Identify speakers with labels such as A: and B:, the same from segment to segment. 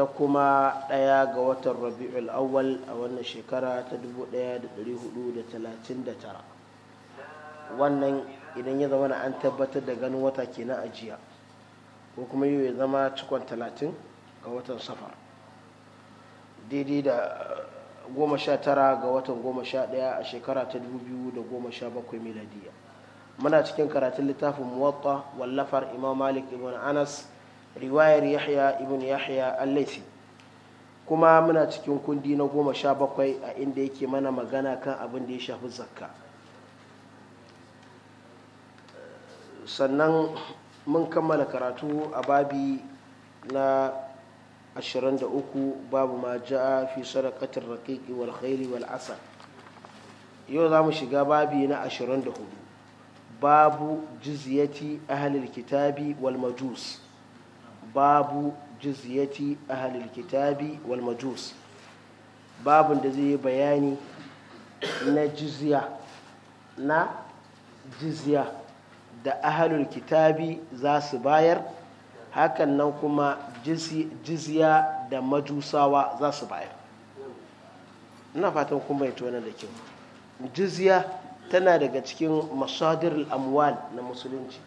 A: ta kuma ɗaya ga watan rabi'ul awwal a wannan shekara ta 1439 wannan idan ya zama na an tabbatar da ganin wata kenan a jiya ko kuma yau ya zama cikon 30 ga watan safar daidai da 19 ga watan 11 a shekara ta 2017 miladiya muna cikin karatun littafin muwatta wallafar imam malik ibn anas riwayar yahya ibn yahya al kuma muna cikin kundi na goma sha bakwai a inda yake mana magana kan abin da ya shafi zakka sannan mun kammala karatu a babi na 23 babu ma ja'a fi sadaqatir raqiqi wal khairi wal asal yau za mu shiga babi na 24 babu jizyati ahlil kitabi wal majus babu jizyati ahlil kitabi wal majus babun da zai yi bayani na jizya na jizya da ahlul kitabi za su bayar hakan nan kuma jizya da majusawa za su bayar ina fatan kuma ya tona da kyau jizya tana daga cikin masadir amwal na musulunci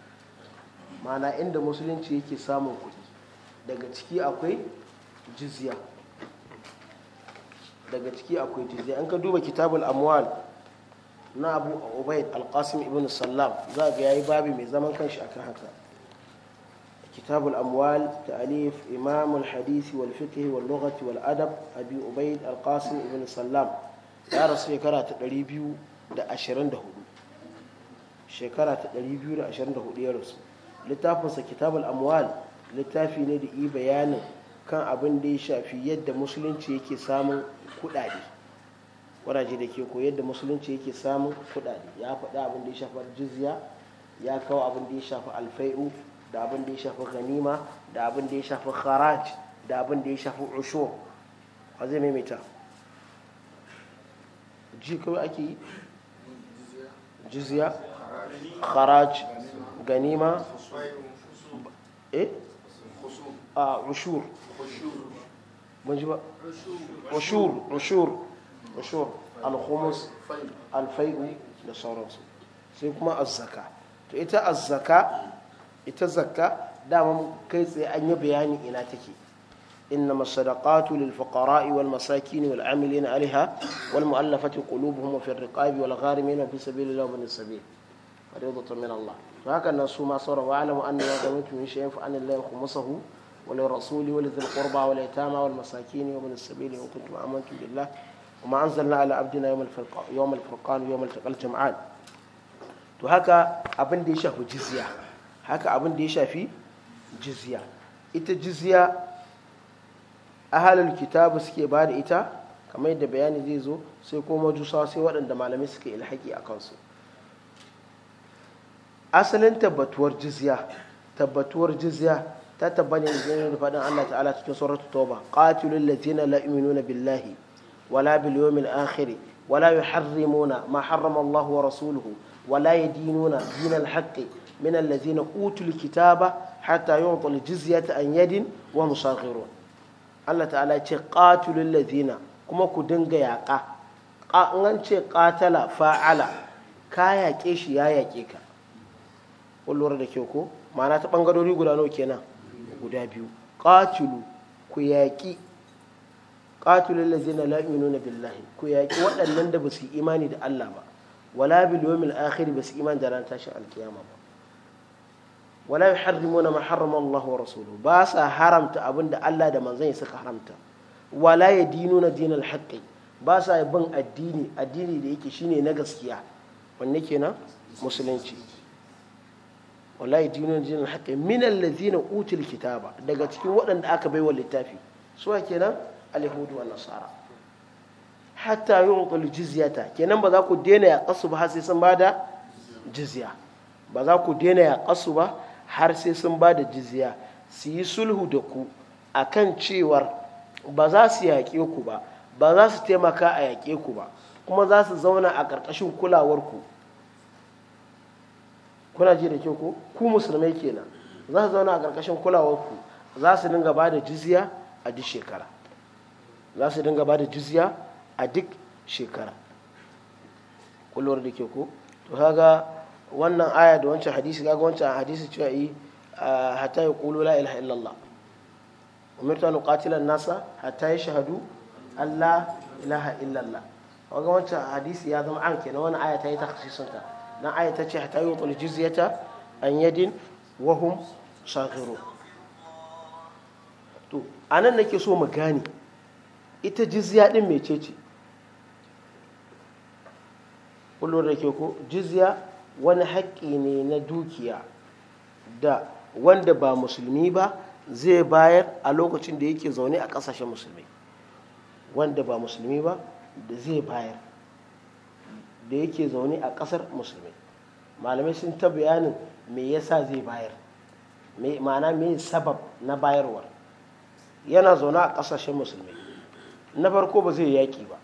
A: mana inda musulunci yake samun kuɗi daga ciki akwai jizya daga ciki akwai jizya in ka duba kitabul amwal na abu ubaid alqasim ibn sallam za ga yayi babi mai zaman kanshi akan haka kitabul amwal ta'alif imam al-hadith wal fiqh wal lughah wal adab abi ubaid alqasim ibn sallam ya rasu shekara ta 224 shekara ta 224 ya rasu littafinsa kitabul amwal littafi ne da yi bayanin kan abin da ya shafi yadda musulunci yake samun kudade wadace da ke ko yadda musulunci yake samun kudade ya faɗi abin da ya shafi jizya ya kawo abin da ya shafi alfai'u da abin da ya shafi ganima da abin da ya shafi kharaj da abin da ya shafi usho a zai maimaita ji kawai ake yi jizya kharaj ganima eh عشور عشور عشور عشور عشور الخمس الفيض sai kuma azzaka to ita azzaka ita zakka kai tsaye an yi bayani ina take inna masadaqatu lil fuqara'i wal masakin wal amilina Aliha wal mu'allafati qulubuhum fi ar-riqabi wal gharimina fi sabilillahi wa bin sabil fariidatan min Allah to haka nan su ma sauran wa alamu anna ma gamantu min shay'in fa anna lillahi khumsahu wa lil rasuli wa lidhil qurba wa lil yatama wal masakin wa min as-sabili wa kuntum amantu billah wa ma anzalna ala abdina yawm al-furqan yawm al taqal jam'an to haka abin da ya shafi jizya haka abin da ya shafi jizya ita jizya ahalul kitabu suke bada ita kamar yadda bayani zai zo sai ko majusa sai waɗanda malamai suke ilhaki a kansu asalin tabbatuwar jizya tabbatuwar jizya ta tabbani ne da faɗin Allah ta'ala cikin suratul tauba qatilul ladzina la yu'minuna billahi wala bil yawmil akhir wala yuharrimuna ma harrama Allah wa rasuluhu wala yadinuna dinal haqqi min alladzina utul kitaba hatta yu'tul jizyata an yadin wa hum Allah ta'ala ce qatilul ladzina kuma ku dinga yaƙa an ce qatala fa'ala ka yaƙe shi ya yaƙe ka kun lura da kyau ko ma'ana ta ɓangarori guda nawa kenan guda biyu qatilu ku billahi ku yaki waɗannan da basu imani da Allah ba wala bil yawmil akhir basu imani da ran tashin alkiyama ba wala yuharrimuna ma harrama Allah wa rasuluhu ba sa haramta da Allah da manzon ya saka haramta wala yadinuna dinal haqqi ba sa bin addini addini da yake shine na gaskiya wanne kenan musulunci wallahi dinon jinin haqqi minan lazina utul kitaba daga cikin waɗanda aka baiwa littafi suwa kenan alihudu wa nasara hatta jizya ta kenan ba za ku daina ya kasu ba har sai sun bada jizya ba za ku daina ya kasu ba har sai sun bada jizya su yi sulhu da ku akan cewar ba za su yaƙe ku ba ba za su taimaka a yaƙe ku ba kuma za su zauna a ƙarƙashin kulawar ku. kuna ji da ke ko ku musulmai kenan za su zauna a ƙarƙashin kulawar ku za su dinga ba da jizya a duk shekara za su dinga ba da jizya a duk shekara kullum da ke ko to kaga wannan aya da wancan hadisi ga wancan hadisi cewa yi hatta ya ƙulu la ilaha illallah umirta an uqatila nasa hatta ya shahadu allah ilaha illallah kaga wancan hadisi ya zama an kenan wannan aya ta yi takhsisun na aya ta ce hatta yutul jizyata an yadin wa hum sakhiru to anan nake so mu gani ita jizya din mecece kullum da ke ko jizya wani haƙƙi ne na dukiya da wanda ba musulmi ba zai bayar a lokacin da yake zaune a ƙasashen musulmi wanda ba musulmi ba da zai bayar da yake zaune a ƙasar musulmi malamai sun ta bayanin me yasa zai bayar ma'ana me sabab na bayarwar yana zaune a ƙasashen musulmi na farko ba zai yaƙi ba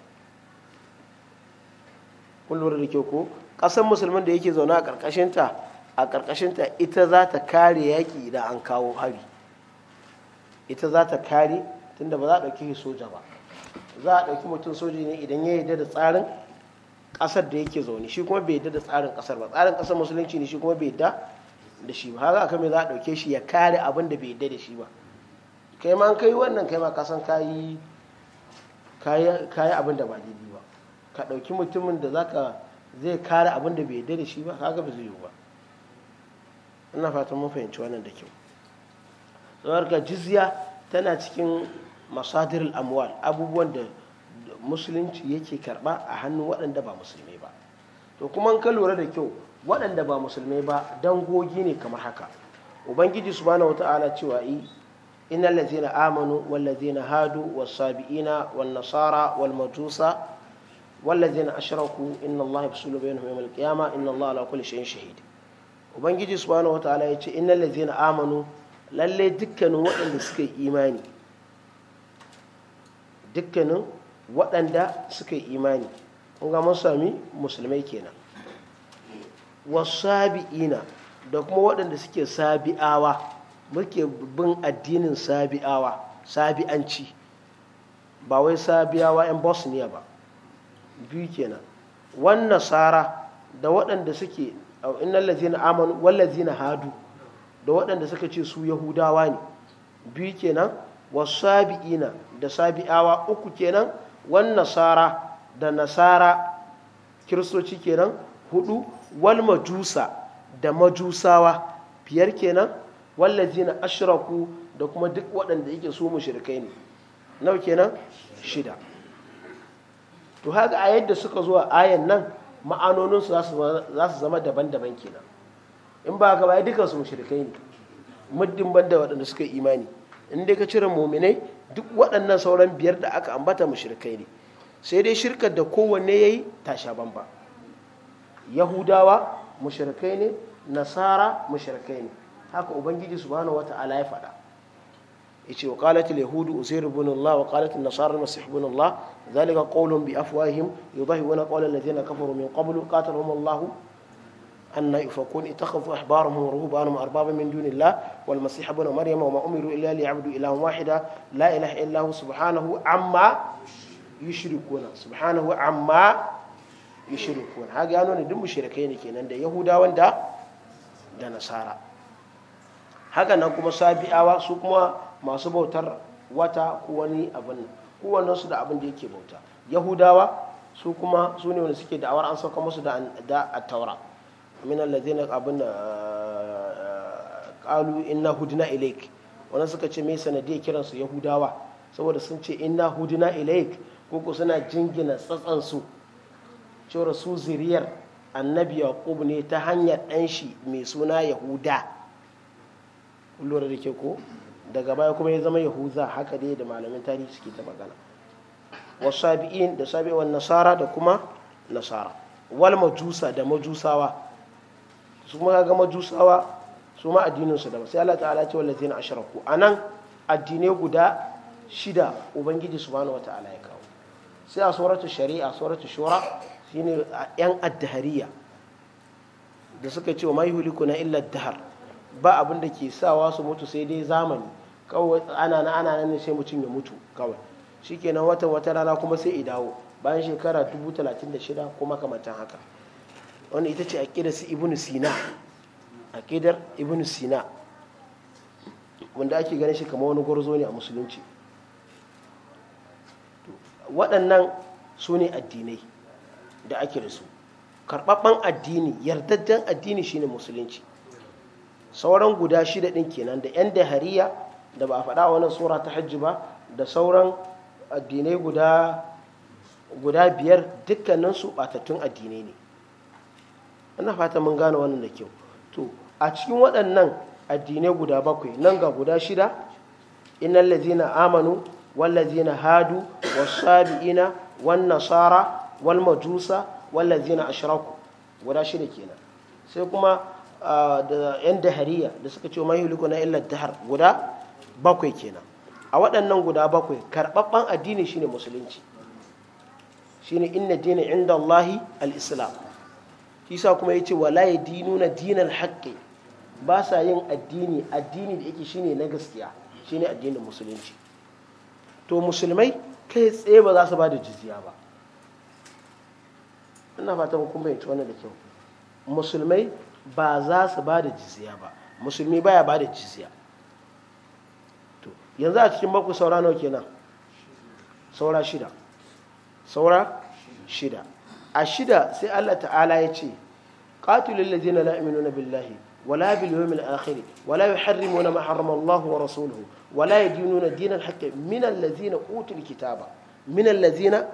A: kullum da ke ko ƙasar musulmin da yake zaune a ƙarƙashinta a ƙarƙashinta ita za ta kare yaƙi idan an kawo hari ita za ta kare tunda ba za a ɗauki soja ba za a ɗauki mutum soja ne idan ya yarda da tsarin ƙasar da yake zaune shi kuma bai yadda da tsarin ƙasar ba tsarin ƙasar musulunci ne shi kuma bai yadda da shi ba haka kamar za a ɗauke shi ya kare abin da bai yadda da shi ba kai ma kai wannan kai ma ka san kayi kayi abin da ba daidai ba ka ɗauki mutumin da zaka zai kare abin da bai yadda da shi ba haka ba zai yiwu ba ina fatan mun fahimci wannan da kyau saboda jizya tana cikin masadir amwal abubuwan da musulunci yake karba a hannun waɗanda ba musulmi ba to kuma ka lura da kyau waɗanda ba musulmi ba dangogi ne kamar haka ubangiji subhanahu wata'ala cewa yi innal ladzina amanu wal ladzina hadu was sabiina wan nasara wal majusa wal ladzina ashraku inna allaha yafsulu bainahum yawm al qiyamah inna allaha ala kulli shay'in shahid ubangiji subhanahu wata'ala ya ce innal ladzina amanu lalle dukkanin waɗanda suka yi imani dukkanin waɗanda suka yi imani kun ga mun sami musulmai kenan wasabi'ina da kuma waɗanda suke sabi'awa muke bin addinin sabi'awa sabi'anci ba wai sabi'awa 'yan bosniya ba biyu kenan wan nasara da waɗanda suke innal lazina amanu wallazina hadu da waɗanda suka ce su yahudawa ne biyu kenan wasabi'ina da sabi'awa uku kenan wan nasara da nasara kiristoci kenan hudu wal majusa da majusawa biyar kenan na ashraku da kuma duk waɗanda yake su mushrikai ne nau kenan shida to haka a yadda suka zuwa a ayan nan ma'anoninsu za su zama daban-daban kenan in ba ka baya su mushrikai ne muddin banda waɗanda suka yi imani in dai ka cire muminai duk waɗannan sauran biyar da aka ambata mushrikai ne sai dai shirkar da kowanne yayi tasha bamba yahudawa mushrikai ne nasara mushrikai ne haka ubangiji subhanahu wata'ala ya faɗa yace wa qalat al-yahud uzair ibn Allah wa qalat an-nasara al-masih ibn Allah dhalika qawlun bi afwahihim yudahiruna qawla alladhina kafaru min qablu qatalahum Allah أن يؤفكون اتخذوا أحبارهم ورهبانهم أربابا من دون الله والمسيح ابن مريم وما أمروا إلا ليعبدوا إلها واحدا لا إله إلا هو سبحانه عما يشركون سبحانه عما يشركون هذا يعني دم مشركين كينا دا يهودا وندا دا نصارى haka nan kuma sabi'awa su kuma masu bautar wata ko wani abin kowannensu da abin da yake bauta yahudawa su kuma su ne wanda suke da'awar an sauka musu da a taura min alladhina abuna qalu inna hudina ilaik wannan suka ce me sanadiyar kiran su yahudawa saboda sun ce inna hudna ilaik ko suna jingina tsatsan su cewa su ziriyar annabi yaqub ne ta hanyar dan shi mai suna yahuda kullum da ke ko daga baya kuma ya zama yahuza haka dai da malamin tarihi suke ta magana sabi'in da sabi'in nasara da kuma nasara wal majusa da majusawa su ma ga majusawa su ma addininsu daban sai Allah ta'ala ce wallazina asharaku anan addinai guda shida ubangiji subhanahu wata'ala ya kawo sai a suratu shari'a suratu shura shine yan addahariya da suka ce wa mai hulikuna illa dahar ba abin da ke sawa su mutu sai dai zamani kawai ana na ana nan sai mutum ya mutu kawai shikenan watan wata rana kuma sai i dawo bayan shekara 36 kuma kamantan haka wani ita ce aƙidar su ibn sina aƙidar ibn sina wanda ake ganin shi kama wani gwarzo ne a musulunci waɗannan su ne addinai da ake da su karɓaɓɓen addini yardajen addini shine musulunci sauran guda shida ɗin kenan da 'yan hariya da ba a faɗa wani tsora ta hajji ba da sauran addinai guda biyar dukkaninsu ɓatattun addinai ne ina fata mun gane wannan da kyau to a cikin waɗannan addinai guda bakwai nan ga guda shida innal ladzina amanu wal ladzina hadu was sabiina wan nasara wal majusa wal ladzina ashraku guda shida kenan sai kuma da yan dahariya da suka ce mai na illa dahar guda bakwai kenan a waɗannan guda bakwai karɓaɓɓen addini shine musulunci shine inna dina inda Allahi al-islam shi sa kuma yace wala na dinar haƙƙi ba sa yin addini addini da yake shine na gaskiya shine addinin musulunci to musulmai kai tsaye ba za su ba da jizya ba ina fatan kun bayyana wannan da kyau musulmai ba za su ba da jizya ba musulmi baya ba da jizya to yanzu a cikin baku saura nawa kenan saura shida saura shida a shida sai Allah ta'ala ya ce qatilul ladina la na billahi wala bil yawmil akhir wala yuharrimuna ma harrama Allah wa rasuluhu wala yadinuna dinal haqqi min allazina utul kitaba min allazina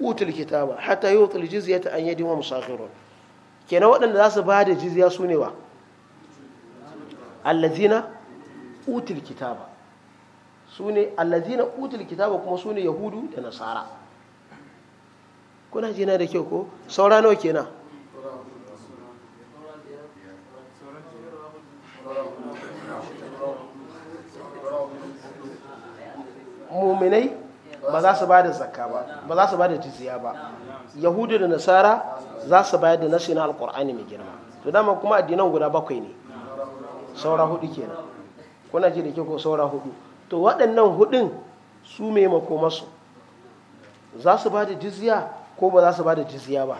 A: utul kitaba hatta yutul jizyata an yadin wa musakhirun kenan waɗanda za su da jizya su ne wa allazina utul kitaba su ne allazina utul kitaba kuma su ne yahudu da nasara kuna ji na da kyau ko saura nawa kenan muminai ba za su ba da zakka ba ba za su ba da jiziya ba yahudu da nasara za su ba da nasi na alkur'ani mai girma to dama kuma addinan guda bakwai ne saura hudu kenan kuna ji da kyau ko saura hudu to waɗannan hudun su mai makomasu za su ba da jiziya ko ba za su ba da jizya ba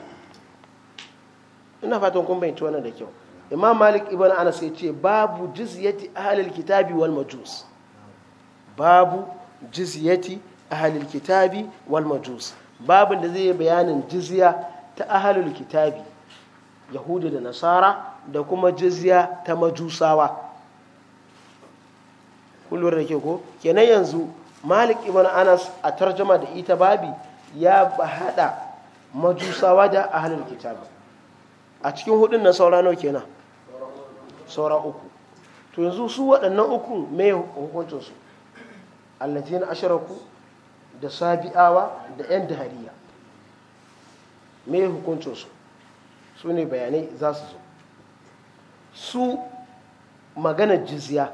A: ina fatan kun bayyance wannan da kyau imam malik ibn anas ya ce babu jizyati ahlil kitabi wal majus babu jizyati ahlil kitabi wal majus babu da zai yi bayanin jiziya ta ahlil kitabi yahudu da nasara da kuma jiziya ta majusawa kullum da ke ko kenan yanzu malik ibn anas a tarjama da ita babi ya hada majusawa da ahalin kitabi a cikin hudun nan saura nau kenan saura uku to yanzu su waɗannan uku mai hukuncinsu allatin ku da sabi'awa da 'yan dahariya mai hukuncinsu su ne bayanai za su zo su magana jiziya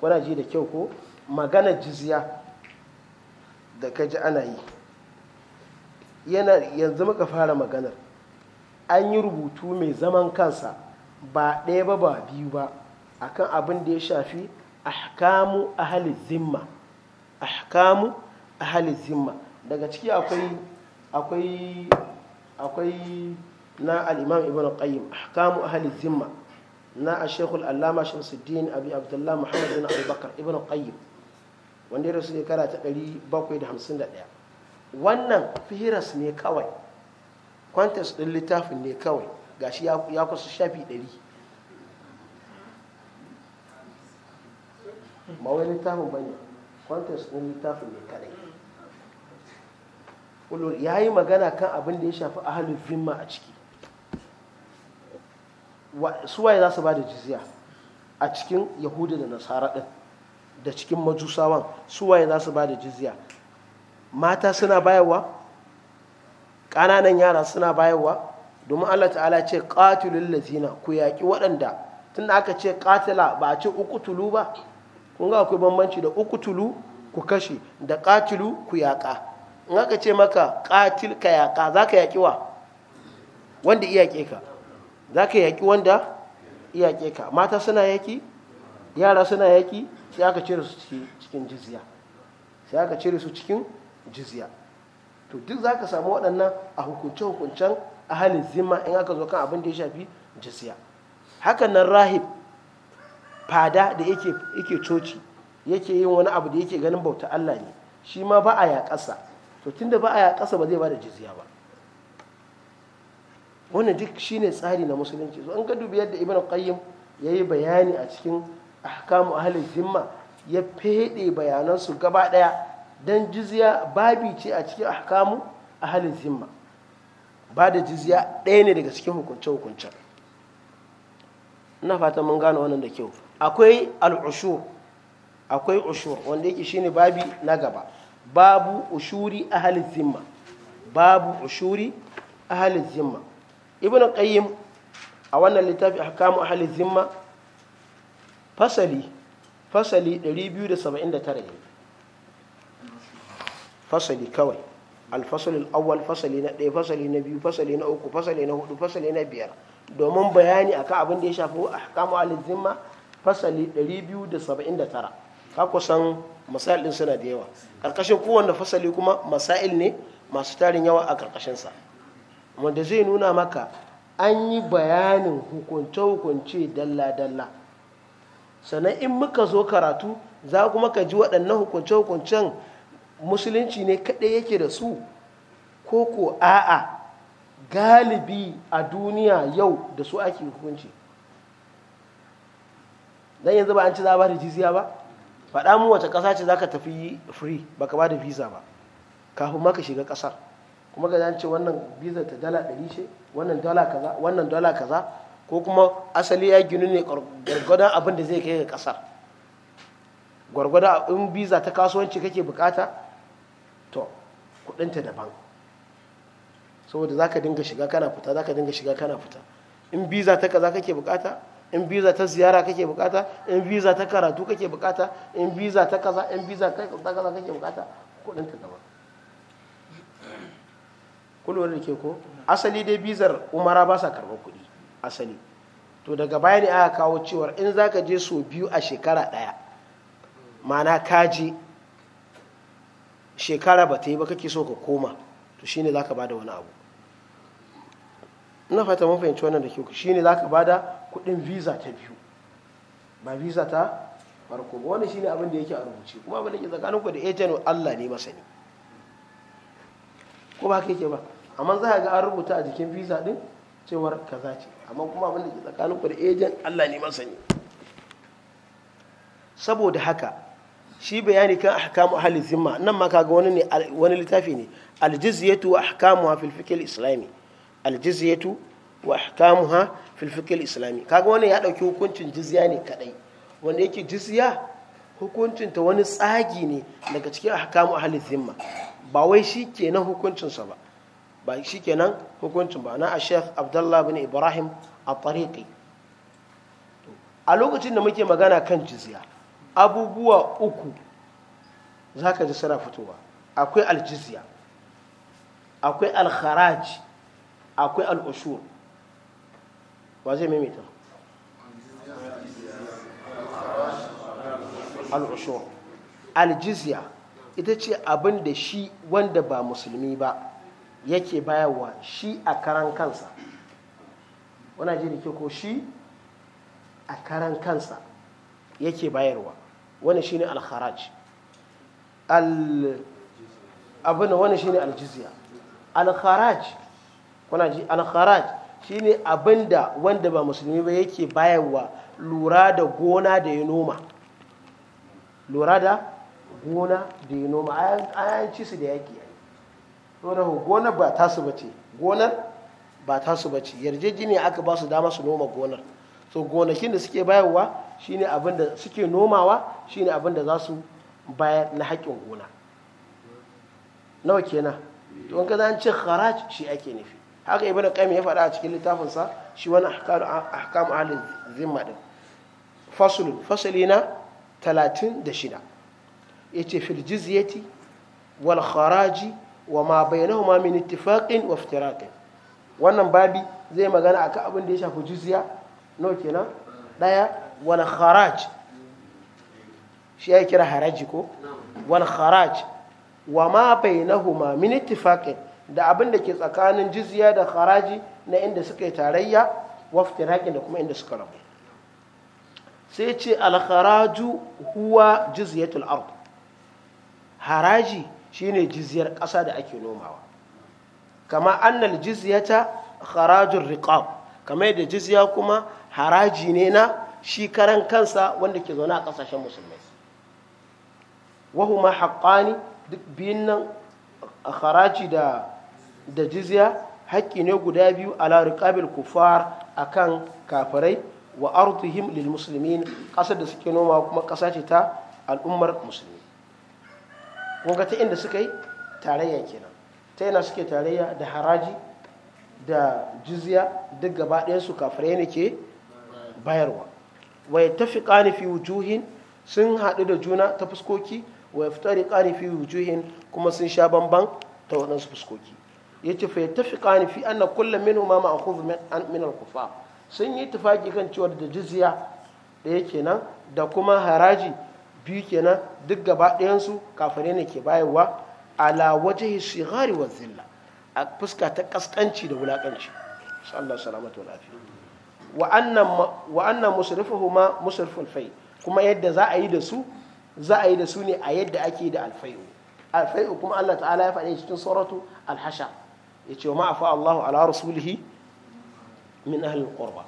A: kuna da kyau ko magana jiziya da kaji ana yi yanzu muka fara maganar an yi rubutu mai zaman kansa ba ɗaya ba ba biyu ba akan abin da ya shafi ahkamu ahli zimma ahkamu ahli zimma daga ciki akwai akwai akwai na al ibn qayyim ahkamu ahli zimma na shekul allama shamsuddin abu abdullahi muhammadu bin abubakar ibn qayyim wanda ya rasu shekara ta 751 wannan firas ne kawai kwantas ɗin littafin ne kawai ga shi ya kusa shafi ɗari ma wani littafin ba ne kwantas ɗin littafin ne kadai ya yi magana kan abin da ya shafi ahalin fimma a ciki suwaye za su ba da jiziya a cikin yahudu da nasara ɗin da cikin majusawan suwaye za su ba da jiziya? mata suna bayarwa ƙananan yara suna bayarwa domin Allah ta'ala ce ƙatulun lazina ku yaƙi waɗanda tun aka ce qatila ba a ce tulu ba kun ga akwai bambanci da tulu ku kashe da ƙatilu ku yaƙa in aka ce maka ƙatil ka yaƙa za ka yaƙi wa wanda iyaƙe ka za ka yaƙi wanda iyaƙe ka mata suna yaƙi yara suna yaƙi sai aka cire su cikin jizya sai aka cire su cikin jizya to duk za ka samu waɗannan a hukunce-hukuncen ahalin zima in aka zo kan abin da ya shafi jizya hakan nan rahib fada da yake coci yake yin wani abu da yake ganin bauta Allah ne shi ma ba a yaƙasa to tun da ba a yaƙasa ba zai ba da jizya ba wannan duk shine tsari na musulunci so an ga dubi yadda ibn qayyim yi bayani a cikin ahkamu ahalin zimma ya fede bayanan su gaba daya don jizya babi ce a cikin ahkamu halin zimma ba da jizya ɗaya ne daga cikin hukunce hukunce Na fata mun gano wannan da kyau akwai al'ushur akwai ushur wanda yake shine babi na gaba babu ushuri halin zimma babu ushuri halin zimma ibn qayyim a wannan littafi ahkamu halin zimma fasali fasali 279 fasali kawai alfasalin awal fasali na ɗaya fasali na biyu fasali na uku fasali na hudu fasali na biyar domin bayani akan abin da ya shafi ahkamu al-zimma fasali 279 ka kusan masail din suna da yawa karkashin kowanne fasali kuma masail ne masu tarin yawa a ƙarƙashinsa. wanda zai nuna maka an yi bayanin hukunce-hukunce dalla-dalla sannan in muka zo karatu za kuma ka ji waɗannan hukunce-hukuncen musulunci ne kaɗai yake da su ko ko a'a galibi a duniya yau da su ake hukunci don yanzu ba an ci za ba da jiziya ba faɗa mu wace ƙasa ce za ka tafi free ba ka ba da visa ba kafin maka shiga ƙasar kuma ga an ce wannan visa ta dala ɗari ce wannan dala kaza wannan dala kaza ko kuma asali ya ginu ne gwargwadon abinda zai kai ga ƙasar gwargwadon in visa ta kasuwanci kake bukata to kudinta daban saboda za ka dinga shiga kana fita za ka dinga shiga kana fita in biza ta kaza kake bukata in biza ta ziyara kake bukata in biza ta karatu kake bukata in biza ta kaza in biza ta kaza kake bukata kudinta daban kullum da ke ko asali dai bizar umara ba sa karɓar kuɗi asali to daga baya ne aka kawo cewar in za ka je so biyu a shekara ɗaya mana kaji shekara ba ta yi ba kake so ka koma to shine za ka bada wani abu ina fata mun fahimci wannan da kyau shine za ka bada kuɗin visa ta biyu ba visa ta farko ba wani shine abin da yake a rubuce kuma abin da ke tsakanin ku da agent Allah ne masani ko ba kake ba amma za ka ga an rubuta a jikin visa din cewar kaza ce amma kuma abin da ke tsakanin ku da agent Allah ne masani saboda haka shi bayani kan ahkamu ahli zimma nan ma kaga wani ne wani littafi ne aljizyatu wa ahkamuha fil fiqh islami aljizyatu wa ahkamuha fil fiqh islami kaga wani ya dauki hukuncin jizya ne kadai wanda yake jizya hukuncin ta wani tsagi ne daga cikin ahkamu ahli zimma ba wai shikenan hukuncin sa ba ba shikenan hukuncin ba na Sheikh Abdullah bin Ibrahim a tariqi a lokacin da muke magana kan jizya abubuwa uku za ka ji suna fitowa akwai aljiziya akwai alharaji akwai al'ushur wa zai maimaita al'ushur aljiziya ita ce abin da shi wanda ba musulmi ba yake bayarwa shi a karan kansa wana ji da ke ko shi a karan kansa yake bayarwa wani shi ne alkharaj al abin wani shi ne aljiziya, alkharaj kuna ji shi ne abin abinda wanda ba musulmi ba yake wa lura da gona da ya noma lura da gona da ya noma ayan ci su da yaki saboda gonar ba ta su bace gonar ba ta su bace yarjejeniya aka ba su dama su noma gonar so gonakin da suke wa. shine abin da suke nomawa shine abin da za su bayar na haƙƙin gona nawa kenan to in ka zan ce kharaj shi ake nufi haka ibnu qayyim ya faɗa a cikin littafin sa shi wani ahkam ahli zimma din fasl fasali na 36 yace fil jizyati wal haraji wa ma bainahuma min ittifaqin wa iftiraqin wannan babi zai magana akan abin da ya shafi jizya nawa kenan daya wal kharaj shi ya kira haraji ko wal kharaj wa ma bainahuma min ittifaqin da abin da ke tsakanin jizya da haraji na inda suka yi tarayya waftin haƙin da kuma inda suka rabu sai ce alharaju huwa jizyatul ard haraji shine jizyar ƙasa da ake nomawa kama annal jizyata harajun riqab kamar da jizya kuma haraji ne na shi karan kansa wanda ke zaune a ƙasashen musulmai wahuma haƙƙani duk biyun nan a haraji da jiziya jizya haƙƙi ne guda biyu a larikabil kufar kan kafirai wa arduhim lil musulmi ƙasar da suke noma kuma ƙasa ce ta al'ummar musulmi ƙunga ta inda suka yi tarayya kenan ta yana suke tarayya da haraji da jiziya duk gaba ɗayansu su kafirai ne ke bayarwa Wai tafi fi wujuhin sun haɗu da juna ta fuskoki wa ƙani fi wujuhin kuma sun sha bamban ta waɗansu fuskoki yace fa yattafiqani fi anna an na ma'khudh min min alkufa sun yi tufaki kan cewa da jiziya da ke nan da kuma haraji biyu kenan duk gaba ɗayansu kafare ne ke bayarwa ala waje shigari wa zilla a fuska ta ƙasƙanci da wulakanci sallallahu salamatu lafiya wa annan musrifuhuma musriful fai kuma yadda za a yi da su za a yi da su ne a yadda ake da alfai alfai'u kuma Allah ta'ala ya faɗi cikin suratu alhasha ya ce wa ma'afa Allahu ala rasulihi min ahlil qurba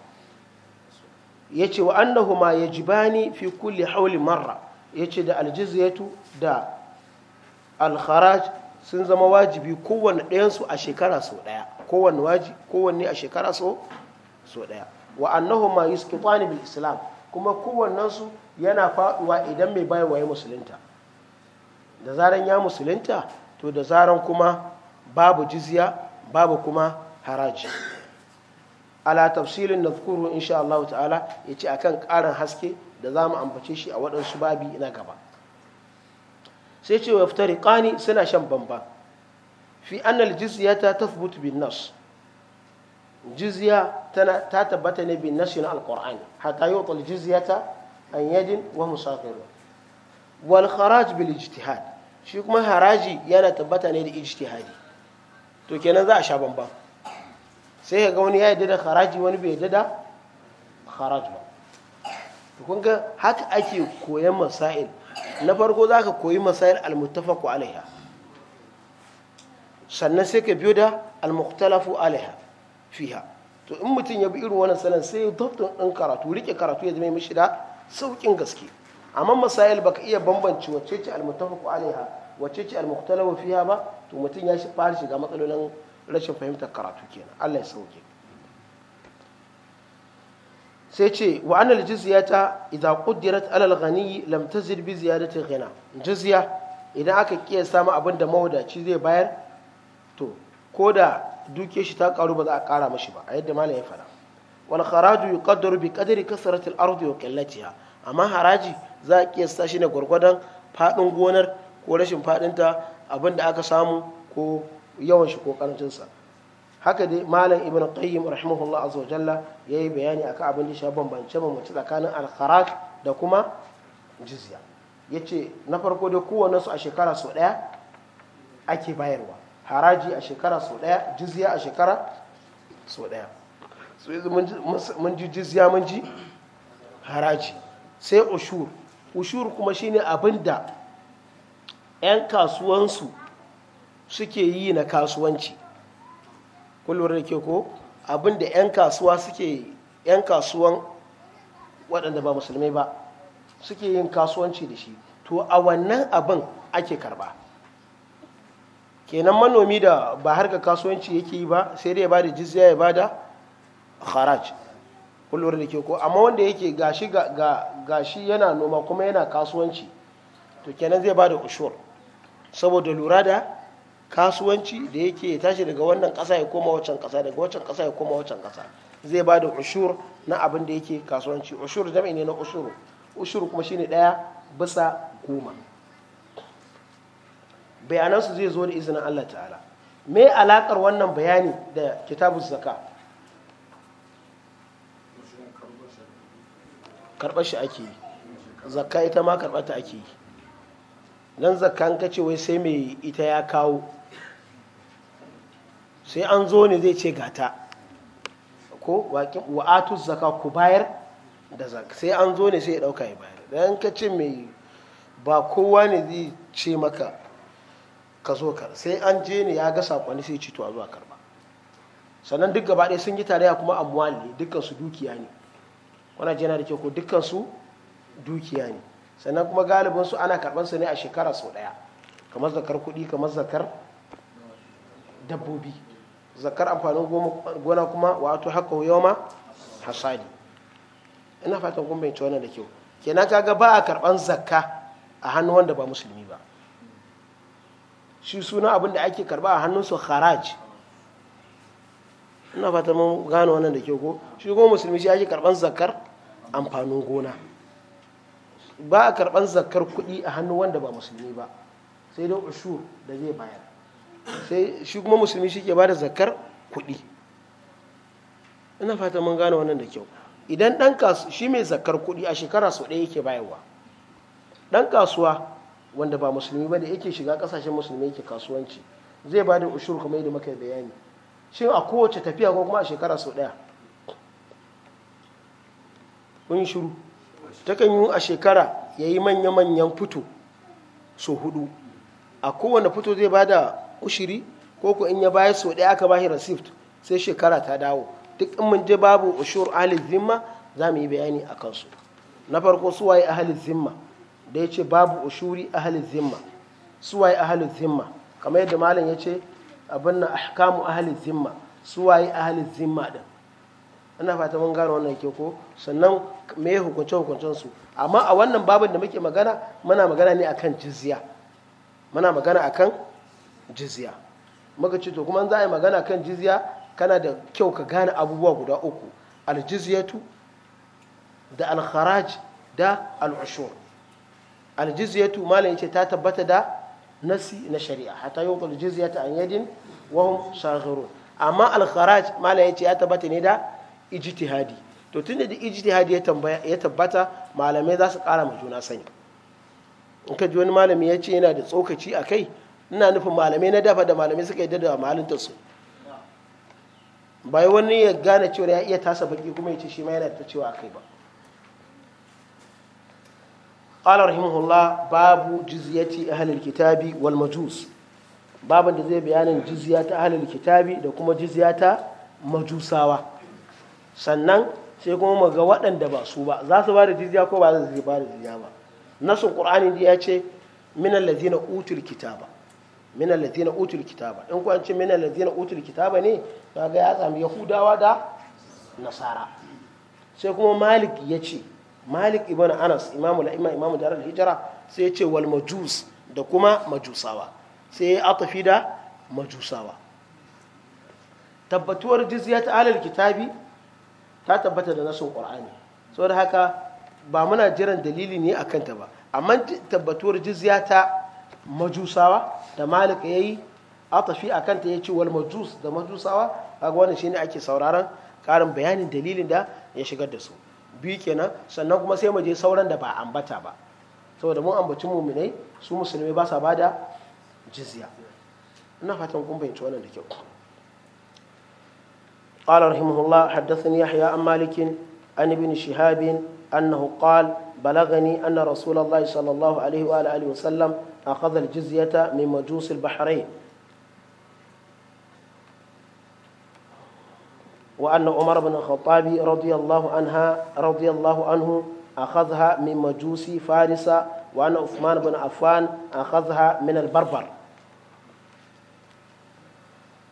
A: ya ce wa annahuma yajibani fi kulli hawli marra ya ce da aljizyatu da alkharaj sun zama wajibi kowanne ɗayansu a shekara sau ɗaya kowanne a shekara sau so ɗaya, wa annahu ma yusqitani bil islam kuma kowannen su yana faduwa idan mai bayarwa ya musulunta da zaran ya musulunta to da zaran kuma babu jizya babu kuma haraji ala tafsilin na zukuru insha Allah ta'ala ya ce akan karin haske da za mu ambace shi a waɗansu babi na gaba sai ce wa suna shan bamban fi annal jizyata tathbut bin nasu jizya ta tabbata ne bin nashi na alkur'ani hatta yi otal jizya ta an yadin wa musafiru wal kharaj bil ijtihad shi kuma haraji yana tabbata ne da ijtihadi to kenan za a sha bambam sai ga wani ya yadda da haraji wani bai yadda da haraj ba to kun ga haka ake koyan masail na farko za ka koyi masail almuttafaqu alaiha sannan sai ka biyo da almuktalafu alaiha fiha to in mutum ya bi irin wannan salon sai ya dabtun ɗin karatu rike karatu ya zama mishi da sauƙin gaske amma masayil baka iya bambance wacce ce ko alaiha wacce ce almuhtalafu fiha ba to mutum ya shi fara shiga matsalolin rashin fahimtar karatu kenan Allah ya sauke sai ce wa annal jizyata idza quddirat alal ghani lam tazid bi ziyadati ghina jizya idan aka kiyasta ma abin da mawadaci zai bayar to ko da duke shi ta karu ba za a kara mashi ba a yadda malam ya fada wal yi kaddaru bi qadri kasratil ya wa qillatiha amma haraji za a kiyasta shi ne gwargwadon fadin gonar ko rashin fadinta abinda aka samu ko yawan shi ko karancin sa haka dai malam ibn qayyim rahimahullah azza wa jalla yayi bayani akan abin da shi bambance bambance tsakanin al kharaj da kuma jizya yace na farko dai kowanne su a shekara sau daya ake bayarwa haraji a shekara sau ɗaya jizya a shekara sau ɗaya so yi mun ji jizya mun ji haraji sai ushur ushur kuma shine abin da 'yan kasuwansu suke yi na kasuwanci kullum da ke ko abin da 'yan kasuwa suke 'yan kasuwan waɗanda ba musulmai ba suke yin kasuwanci da shi to a wannan abin ake karba kenan manomi da ba har harka kasuwanci yake yi ba sai dai ya da jizya ya bada haraj kullum da ke ko amma wanda yake gashi gashi yana noma kuma yana kasuwanci to kenan zai bada ushur saboda lura da kasuwanci da yake ya tashi daga wannan kasa ya koma waccan kasa daga waccan kasa ya koma waccan kasa zai bada ushur na abin da yake kasuwanci ushur jami'i ne na ushuru ushuru kuma shine daya bisa goma bayanansu zai zo da izinin Allah ta'ala me alakar wannan bayani da kitabun zaka karɓar shi ake yi zakka ita ma karɓar ta ake yi don zakkan ka ce wai sai mai ita ya kawo sai an zo ne zai ce gata ko wa'atu zaka ku bayar da zaka sai an zo ne sai ya ɗauka ya bayar don ka ce mai ba kowa ne zai ce maka ka zo kar sai an je ne ya ga sakonni sai ci to a zuwa karba sannan duk gaba ɗaya sun yi tarayya kuma amwali ne dukkan su dukiya ne kuna jina da kyau ko dukkan su dukiya ne sannan kuma galibin su ana karban su ne a shekara sau ɗaya kamar zakar kuɗi kamar zakar dabbobi zakar amfanin gona kuma wato haka yoma hasadi ina fatan kun bayyance wannan da kyau kenan kaga ba a karban zakka a hannu wanda ba musulmi ba shi suna abin da ake karba a hannunsu haraj ina fata mun gano wannan da ke ko shi kuma musulmi shi ake karban zakar amfanin gona ba a karban zakar kuɗi a hannun wanda ba musulmi ba sai dai ushur da zai bayar sai shi kuma musulmi shi ke ba da zakar kuɗi ina fata mun gano wannan da kyau idan ɗan kasuwa shi mai zakar kuɗi a shekara sau ɗaya yake bayarwa ɗan kasuwa wanda ba musulmi ba da yake shiga kasashen musulmi yake kasuwanci zai ba da ushuru kamar yadda muka bayani shin a kowace tafiya ko kuma a shekara sau ɗaya kun shiru takan yi a shekara ya yi manya-manyan fito so hudu a kowane fito zai ba da ushiri ko ku in ya baya sau ɗaya aka shi receipt sai shekara ta dawo duk in mun je babu ushur ahli zimma za mu yi bayani a kansu na farko su waye ahli zimma da ya ce babu ushuri ahalin zimma suwaye ahalin zimma kamar yadda malam ya ce abin na ahkamu ahalin zimma suwaye ahalin zimma din ana fata mun gano wannan ke sannan me ya hukunce hukuncen su amma a wannan babin da muke magana muna magana ne akan jizya muna magana akan jizya muka ce to kuma za a yi magana kan jizya kana da kyau ka gane abubuwa guda uku aljizyatu da alkharaj da al'ushur aljizyatu malam yace ta tabbata da nasi na shari'a hatta yuqal jizyata an yadin wa hum amma alkharaj malam yace ya tabbata ne da ijtihadi to tunda da ijtihadi ya tambaya ya tabbata malamai za su kara ma juna sani in ka ji wani malami ya ce yana da tsokaci a ina nufin malamai na dafa da malamai suka yi da malinta su bai wani ya gane cewa ya iya tasa baki kuma ya ce shi ma yana da cewa a kai ba qala rahimahullah babu jizyati ahlil kitabi wal majus babin da zai bayanin jizya ta ahlil kitabi da kuma jizya ta majusawa sannan sai kuma mu ga waɗanda ba su ba za su ba da jizya ko ba za su ba da jizya ba nasu qur'ani ya ce min allazina utul kitaba min allazina utul kitaba in ku an ce min allazina utul kitaba ne kaga ya sami yahudawa da nasara sai kuma malik ya ce malik ibn anas imamu la'ima imamu jarar hijira sai ya ce wal majus da kuma majusawa sai ya atafi da majusawa tabbatuwar jizya ta alal kitabi ta tabbata da nasin qur'ani saboda haka ba muna jiran dalili ne a kanta ba amma tabbatuwar jizya ta majusawa da malik ya yi atafi a kanta ya ce wal majus da majusawa kaga wannan shine ake sauraron karin bayanin dalilin da ya shigar da su biyu kenan sannan kuma sai mu je sauran da ba ambata ba saboda mun ambaci muminai su musulmai ba sa bada jizya ina fatan kun bayyance wannan da kyau قال رحمه الله حدثني يحيى عن مالك عن ابن شهاب أنه قال بلغني أن رسول الله صلى الله عليه وآله وسلم أخذ الجزية من مجوس البحرين وأن عمر بن الخطاب رضي الله عنها رضي الله عنه أخذها من مجوس فارس وأن عثمان بن عفان أخذها من البربر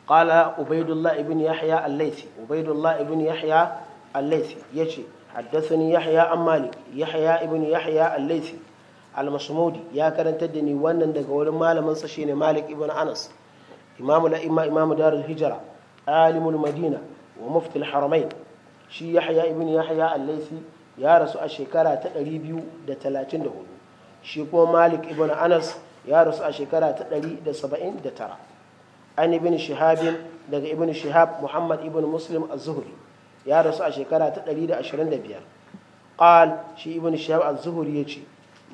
A: قال عبيد الله بن يحيى الليثي عبيد الله بن يحيى الليثي يجي حدثني يحيى عن مالك يحيى بن يحيى الليثي المصمودي يا كرنت الدني وانا دغول مالمن سشيني مالك ابن انس امام الائمه امام دار الهجره عالم المدينه wa mufti haramain shi yahya ibn Yahaya al-laisi ya rasu a shekara ta 234 shi kuma malik ibn anas ya rasu a shekara ta tara an ibn shihabin daga ibn shihab muhammad ibn muslim az-zuhri ya rasu a shekara ta biyar qal shi ibn shihab az-zuhri yace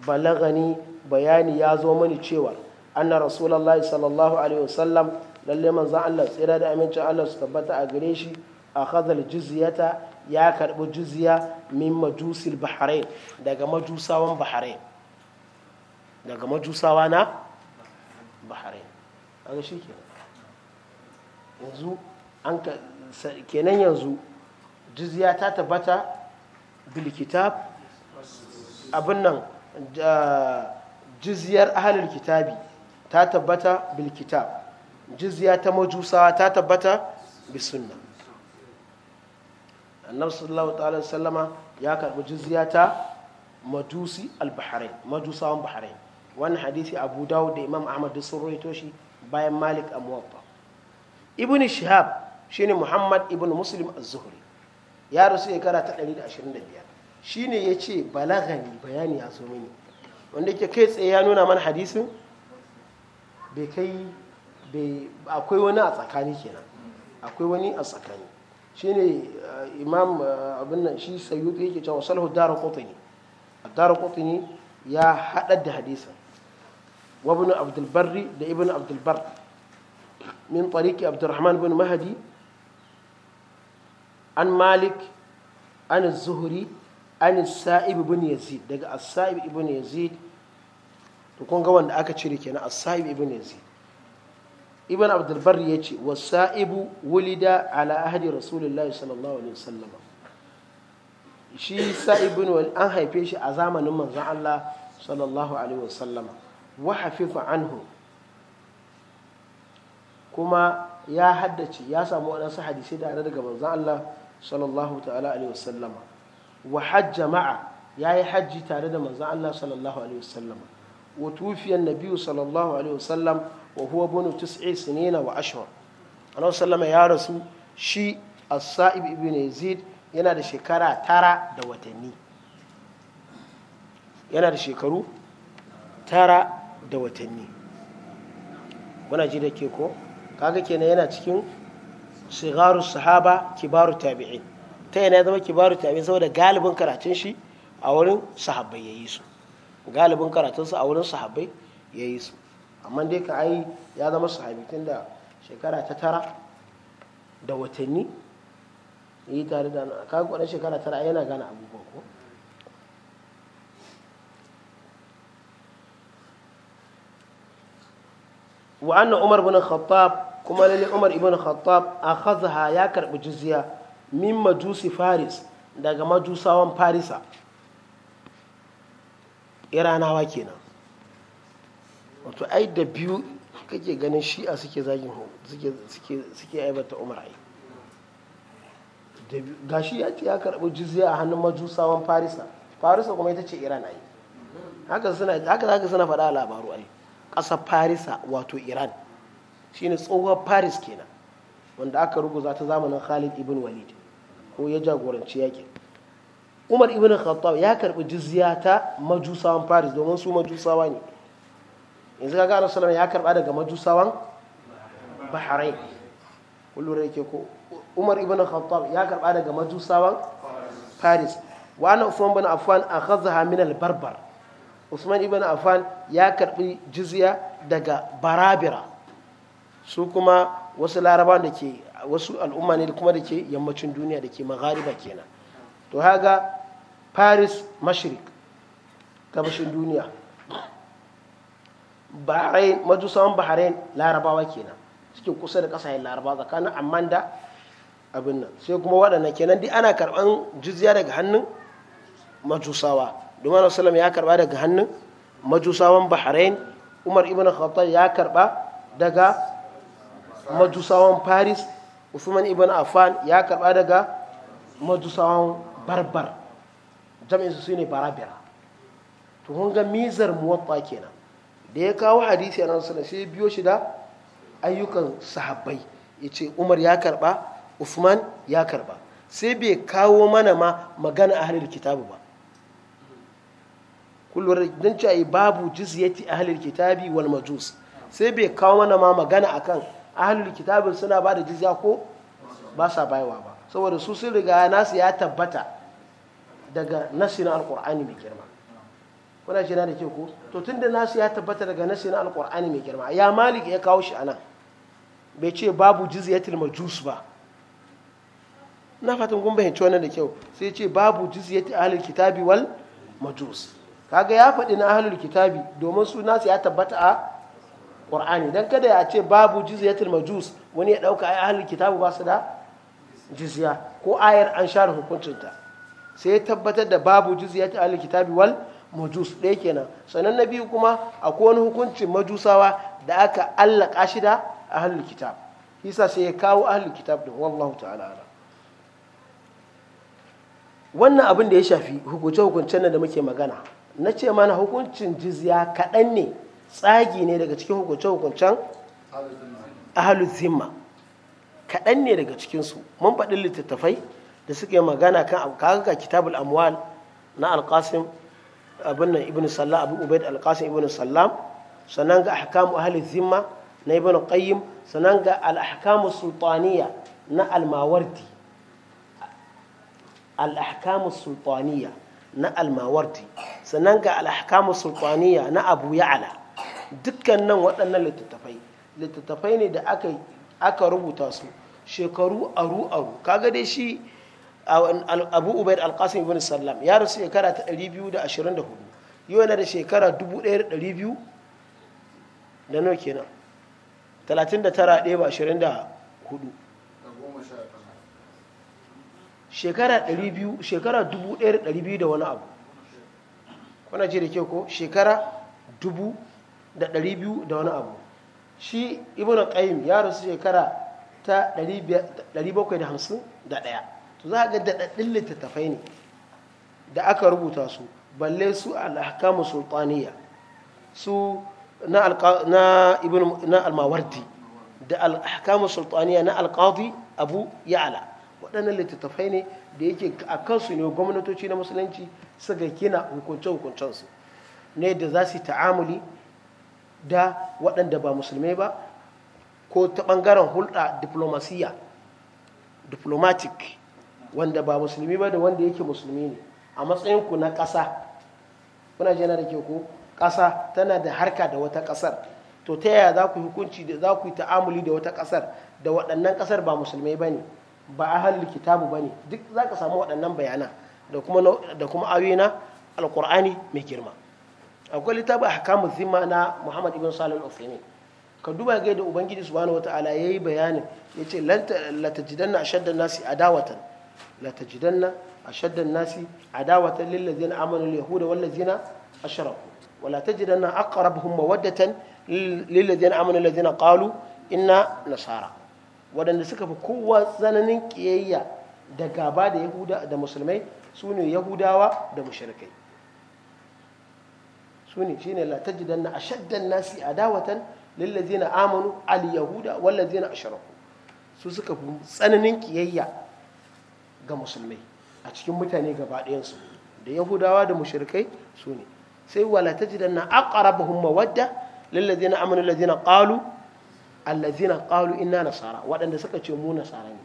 A: balagani bayani ya zo mani cewa anna rasulullahi sallallahu alaihi wasallam lalle manzon Allah tsira da amincin Allah su tabbata a gare shi akhadha al-jizyata ya karbi jizya min majusil bahrain daga majusawan bahrain daga majusawa na bahrain an shi kenan yanzu an kenan yanzu jizya ta tabbata bil kitab abin nan jizyar ahalul kitabi ta tabbata bil kitab jizya ta majusawa ta tabbata bi sunna annabi sallallahu ta'ala sallama ya karɓi jizya ta madusi al-bahrain madusawan bahrain wannan hadisi abu dawud da imam ahmad da sun rawaito shi bayan malik a muwatta ibn shihab shine muhammad ibn muslim az-zuhri ya rasu shekara ta 125 shine yace balagani bayani ya zo mini wanda yake kai tsaye ya nuna mana hadisin bai kai akwai wani a tsakani kenan akwai wani a tsakani shine uh, imam uh, abin nan shi sayyuti yake cewa salhu daru qutni daru qutni ya hada da hadisin wa ibn abdul barri da ibn abdul barr min tariqi abdurrahman bin mahdi an malik an zuhri an sa'ib bin yazid daga as-sa'ib ibn yazid to kun ga wanda aka cire kenan as-sa'ib ibn yazid ibn abdulbar ya ce sa'ibu wulida ala ahadi rasulullahi sallallahu alaihi wasallam shi an haife shi a zamanin manzon Allah sallallahu alaihi wasallam wa hafifa anhu kuma ya haddace ya samu waɗansu hadisai da ana daga manzon Allah sallallahu alaihi wasallam wa hajja ma'a ya yi hajji tare da manzon Allah sallallahu alaihi wasallam wa tufiyan nabiyu sallallahu alaihi wasallam wa huwa bunu tis'i sinina wa ashhur annabi sallama ya rasu shi as-sa'ib ibn yazid yana da shekara tara da watanni yana da shekaru tara da watanni wana ji da ke ko kaga kenan yana cikin shigaru sahaba kibaru tabi'in ta yana zama kibaru tabi'in saboda galibin karatun shi a wurin sahabbai ya yi su galibin karatunsa a wurin sahabbai ya yi su amma dai ka ai ya zama sahabi tun da shekara ta tara da watanni yi tare da kaga kwanan shekara tara yana gane abubuwa ko wa'annan umar bin khattab kuma lalle umar ibn khattab khazaha ya karbi jizya min majusi faris daga majusawan farisa iranawa kenan wato ai da biyu kake ganin shi'a suke zagin suke aibata umar ai ga shi ya ce ya karɓi jizya a hannun majusawan farisa farisa kuma ita ce iran ai haka haka zaka suna faɗa a labaru ai ƙasar farisa wato iran shi ne tsohuwar paris kenan wanda aka ruguza ta zamanin khalid ibn walid ko ya jagoranci yakin umar ibn khattab ya karɓi jizya ta majusawan paris domin su majusawa ne yanzu ga annabi sallallahu ya karba daga majusawan bahrain kullu yake ko umar ibn khattab ya karba daga majusawan paris wa ana usman ibn affan akhadha min al barbar usman ibn affan ya karbi jizya daga barabira su kuma wasu larabawan da ke wasu al'umma ne kuma da ke yammacin duniya da ke maghariba kenan to haga paris mashrik gabashin duniya bahrain majusawan bahrain larabawa kenan suke kusa da ƙasashen larabawa tsakanin amman da abin nan sai kuma waɗannan kenan di ana karɓan jizya daga hannun majusawa domin rasulullah ya karɓa daga hannun majusawan bahrain umar ibn khattab ya karɓa daga majusawan paris usman ibn affan ya karɓa daga majusawan barbar jami'in su ne barabira to kun ga mizar muwatta kenan da ya kawo hadisi a nan suna sai biyo shi da ayyukan sahabbai ya ce umar ya karba usman ya karba sai bai kawo mana ma magana a halin kitabu ba kullum don ci a yi babu jizyati a halin kitabi wal majus sai bai kawo mana ma magana a kan a halin kitabin suna ba da jizya ko ba sa baiwa ba saboda su sun riga nasu ya tabbata daga nasi na alkur'ani mai girma kuna shi na da ke ko to tunda nasu ya tabbata daga nasu na alkur'ani mai girma ya malik ya kawo shi anan bai ce babu jizyatul majus ba na fatan kun bayyance wannan da kyau sai ce babu jizyatul ahlul kitabi wal majus kaga ya faɗi na ahlul kitabi domin su nasu ya tabbata a qur'ani dan kada ya ce babu jizyatul majus wani ya dauka ai ahlul kitabi ba su da jizya ko ayar an share hukuncinta sai ya tabbatar da babu jizyatul ahlul kitabi wal majus ɗaya kenan sannan na biyu kuma akwai wani hukuncin majusawa da aka allaka shi da ahlul kitab hisa sai ya kawo ahlul kitab din wallahu ta'ala wannan abin da ya shafi hukunce hukuncen da muke magana na ce mana hukuncin jizya kaɗan ne tsagi ne daga cikin hukunce hukuncen ahlul zimma kaɗan ne daga cikinsu mun faɗi littattafai da suke magana kan kaga kitabul amwal na alkasim abin nan ibn sallam abu ubaid alqasim ibn sallam sannan ga ahkamu ahli zimma na ibn qayyim sannan ga al ahkamu sultaniya na almawardi al ahkamu sultaniya na sannan ga al ahkamu sultaniya na abu ya'ala dukkanin waɗannan littattafai littattafai ne da aka rubuta su shekaru aru aru kaga dai shi abu ubaid alqasim ibn sallam ya rasu shekara ta 224 yau yana da shekara 1200 da nawa kenan 39 ɗaya ba 24 shekara 200 shekara 1200 da wani abu kuna ji da ke ko shekara 1200 da wani abu shi ibn qayyim ya rasu shekara ta 751 to za ga daɗaɗɗin littattafai ne da aka rubuta su balle su al'ahkamu sultaniya su na almawardi da al'ahkamu sultaniya na alƙadi abu ya'ala waɗannan littattafai ne da yake a kansu ne gwamnatoci na musulunci ga gina hukunce-hukuncensu ne da za su ta'amuli da waɗanda ba musulmai ba ko ta ɓangaren hulɗa diplomasiya diplomatic wanda ba musulmi ba da wanda yake musulmi ne a matsayinku na ƙasa kuna jana da ke ko ƙasa tana da harka da wata ƙasar to ta yaya za ku yi hukunci da za ku yi ta'amuli da wata kasar da waɗannan ƙasar ba musulmai ba ne ba a ahalul kitabu ba ne duk za ka samu waɗannan bayana da kuma da alƙur'ani mai girma akwai littafin ahkamu zimma na muhammad ibn Salim al ka duba gai da ubangiji subhanahu wataala yayi bayanin yace lan na shaddar nasi adawatan la tajidanna ashadda an-nasi adawatan lil ladzina amanu al-yahuda wal ladzina ashraku wa la tajidanna aqrabahum mawaddatan lil ladzina amanu alladhina qalu inna nasara waɗanda suka fi kowa tsananin kiyayya da gaba da yahuda da musulmai sune yahudawa da mushrikai sune shine la tajidanna ashadda an-nasi amanu al su suka fi tsananin kiyayya ga musulmai a cikin mutane gaba ɗayansu da yahudawa da mushrikai su ne sai wala tajidanna bahun mawadda lil lallazi na ƙalu allazi na ƙalu ina nasara waɗanda suka ce mu nasara ne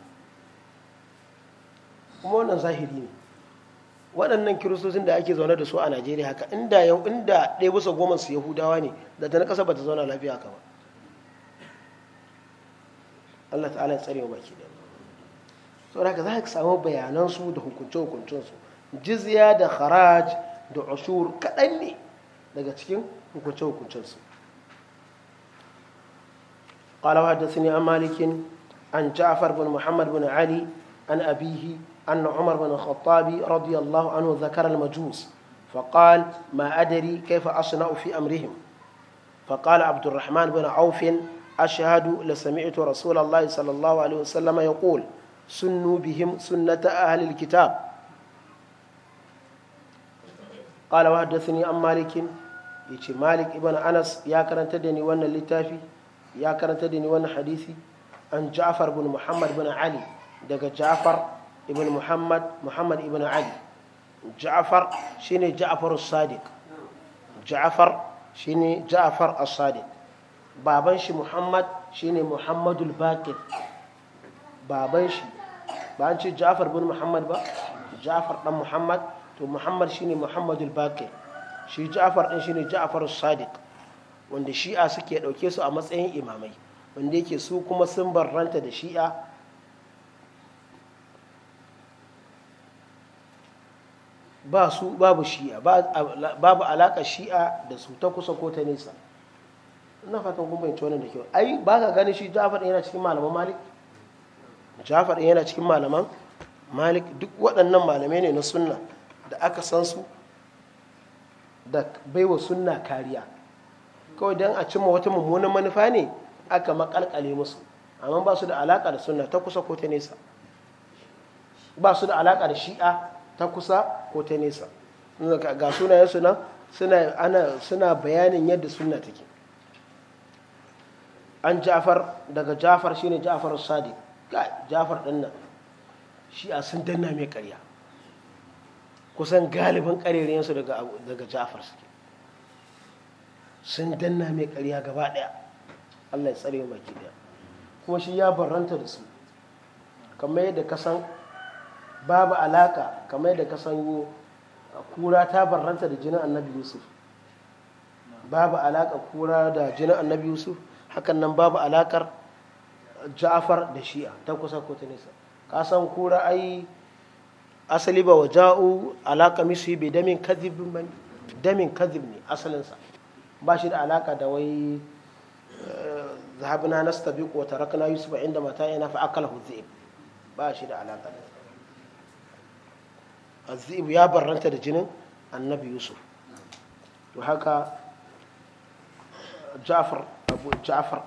A: kuma wannan zahiri ne waɗannan kiristocin da ake zaune da su a najeriya haka inda yau inda ɗaya bisa goma su yahudawa ne da ta na ƙasa ba ta zauna lafiya haka ba allah ta'ala ya tsare wa baki ɗaya saboda za ka samu bayanansu da hukunce-hukuncensu jizya da haraj da ashur kaɗan ne daga cikin hukunce-hukuncensu ƙalawa da sani a malikin an ja'afar bin muhammad bin ali an abihi an na umar bin khattabi radiyallahu anhu zakar al-majus faƙal ma adari kaifa asina ufi amrihim faƙal abdurrahman bin aufin ashahadu la sami'atu rasulallah sallallahu alaihi wasallama ya ƙul sunnu bihim sunnata ahlil kitab qala wa hadathani am malik yace malik ibn anas ya karanta da ni wannan littafi ya karanta da ni wannan hadisi an ja'far ibn muhammad ibn ali daga ja'far ibn muhammad muhammad ibn ali ja'far shine ja'far sadiq ja'far shine ja'far as-sadiq baban shi muhammad shine muhammadul baqir baban shi ba an ce ja'far bin muhammad ba ja'far dan muhammad to muhammad shine muhammadul Bakir shi ja'far din shine ja'far sadiq wanda shi'a suke dauke su a matsayin imamai wanda yake su kuma sun barranta da shi'a ba su babu shi'a babu alaka shi'a da su ta kusa ko ta nesa ina fatan kun yi tonin da kyau ai ba ka gani shi ja'far yana cikin malaman malik jafar yana cikin malaman malik duk waɗannan malamai ne na sunna da aka san su da baiwa sunna kariya kawai don a cimma wata mummunan manufa ne aka makalkale musu amma ba su da alaƙa da sunna ta kusa ko ta nesa ba su da alaƙa da shi'a ta kusa ko ta nesa ga sunayen suna suna suna bayanin yadda sunna take an ja'far daga ja'far shine ja'far sadiq ga jafar dinnan nan shi a sun danna mai karya kusan galibin ƙarerayensu daga jafar suke sun danna mai karya gaba ɗaya allah ya tsare maki daya kuma shi ya barranta da su kamar yadda ka san babu alaka kamar yadda ka san kura ta barranta da jinin annabi yusuf babu alaka kura da jinin annabi yusuf hakan nan babu alakar ja'far da shi'a ta kusa ko ta nisa ka san kura ai asali ba wa ja'u alaka misu bi damin kadhibin damin kadhib ne asalinsa ba shi da alaka da wai eh, zahabna nastabiq wa tarakna yusuf inda mata yana fa akalahu dhi'b ba shi da alaka da azib ya barranta da jinin annabi yusuf to haka ja'far abu ja'far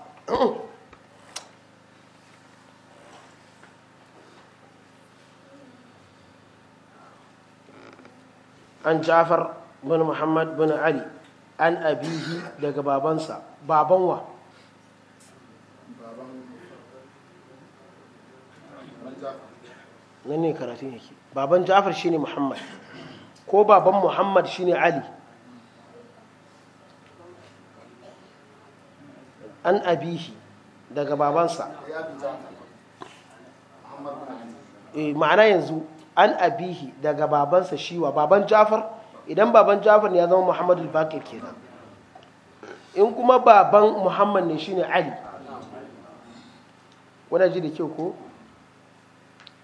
A: an jafar bin muhammad bin ali an abihi daga babansa babanwa nan ne karatu yake baban jafar shine muhammad ko baban muhammad shine ali an abihi daga babansa eh, ma'ana yanzu an abihi daga babansa shiwa baban jafar idan baban jafar ya zama muhammadu bakir kenan in kuma baban muhammad ne shine ali wani ji da kyau ko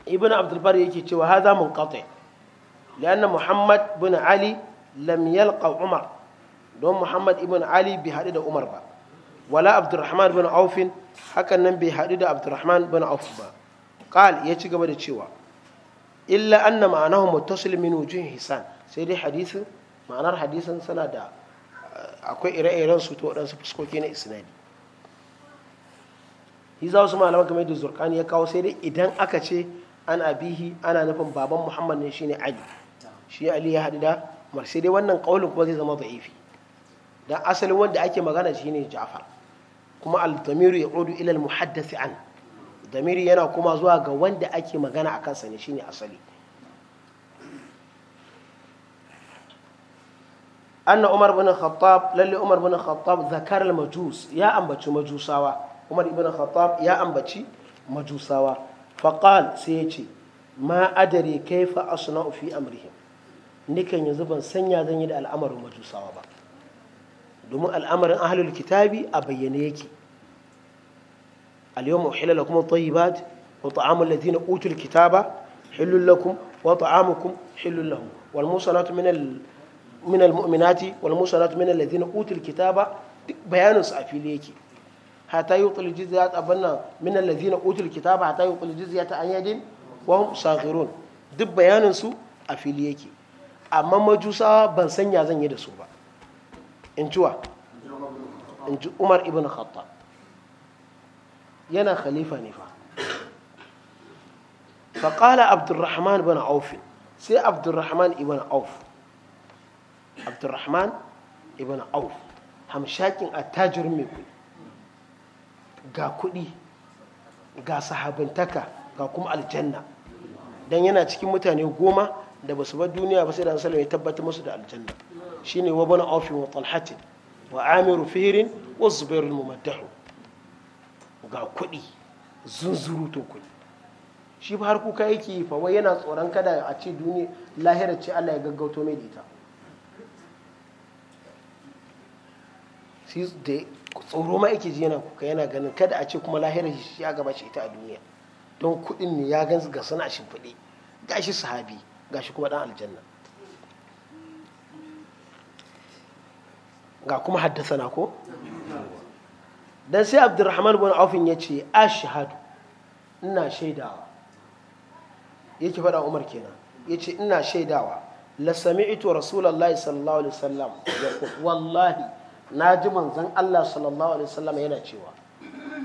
A: ibn abdulbar yake cewa haza mun katai lianna muhammad bin ali lam yalqa umar don muhammad ibn ali bai haɗu da umar ba wala abdurrahman bin aufin hakan nan bai haɗu da abdurrahman bin Aufin ba qal ya ci gaba da cewa illa anna ma'anahu muttasil min wujuhin hisan sai dai hadisin ma'anar hadisin suna da akwai ire-iren su ta waɗansu fuskoki na isnadi yi za su malaman kamar da zurkani ya kawo sai dai idan aka ce an abihi ana nufin baban muhammad ne shine ali shi ali ya haɗu da umar sai dai wannan ƙaunin kuma zai zama da'ifi dan asalin wanda ake magana shine ja'far kuma al-damiru ya ƙudu al-muhaddath an damiri yana kuma zuwa ga wanda ake magana a kansa ne shine asali anna umar bin khattab lalle umar bin khattab zakar al majus ya ambaci majusawa umar ibn khattab ya ambaci majusawa faqal sai yace ce ma adari kaifa asna'u fi amrihim nikan yanzu ban sanya zan yi da al'amarin majusawa ba domin al'amarin ahlul kitabi a bayyane yake al-yawma uhilla lakum at-tayyibat wa ta'amu alladhina utul kitaba hillul lakum wa ta'amukum hillul lahum wal musanatu muminati wal musanatu min alladhina utul kitaba bayanin su a fili yake hatta yuqul jizyat abanna min alladhina utul kitaba hatta yuqul jizyat an yadin wa hum duk bayanin su a fili amma majusawa ban sanya zan yi da su ba in umar ibn khattab yana khalifa ne fa faƙala abdurrahman bin auf sai abdurrahman ibn auf abdurrahman ibn auf hamshakin attajirin mai kuɗi ga kuɗi ga sahabantaka ga kuma aljanna don yana cikin mutane goma da basu bar duniya ba sai da sallam ya tabbatar musu da aljanna shine wa bana aufin wa talhatin wa amiru fihirin wa zubairul mumaddahu ga kuɗi to kuɗi shi ba har kuka yake fawai yana tsoron kada a ce duniya lahirar ce Allah ya gaggauto mai da ita da tsoro ma yake ji yana kuka yana ganin kada a ce kuma lahirar shi ya gaba shi ita a duniya don kuɗin ne ya gan ga sana shimfiɗe gashi sahabi gashi kuma ɗan aljanna ga kuma haddasa na ko dan sai abdurrahman bin aufin ya ce ashhadu ina shaidawa yake faɗa umar kenan ya ce ina shaidawa la sami'tu rasulullahi sallallahu alaihi wasallam wallahi na ji manzon Allah sallallahu alaihi wasallam yana cewa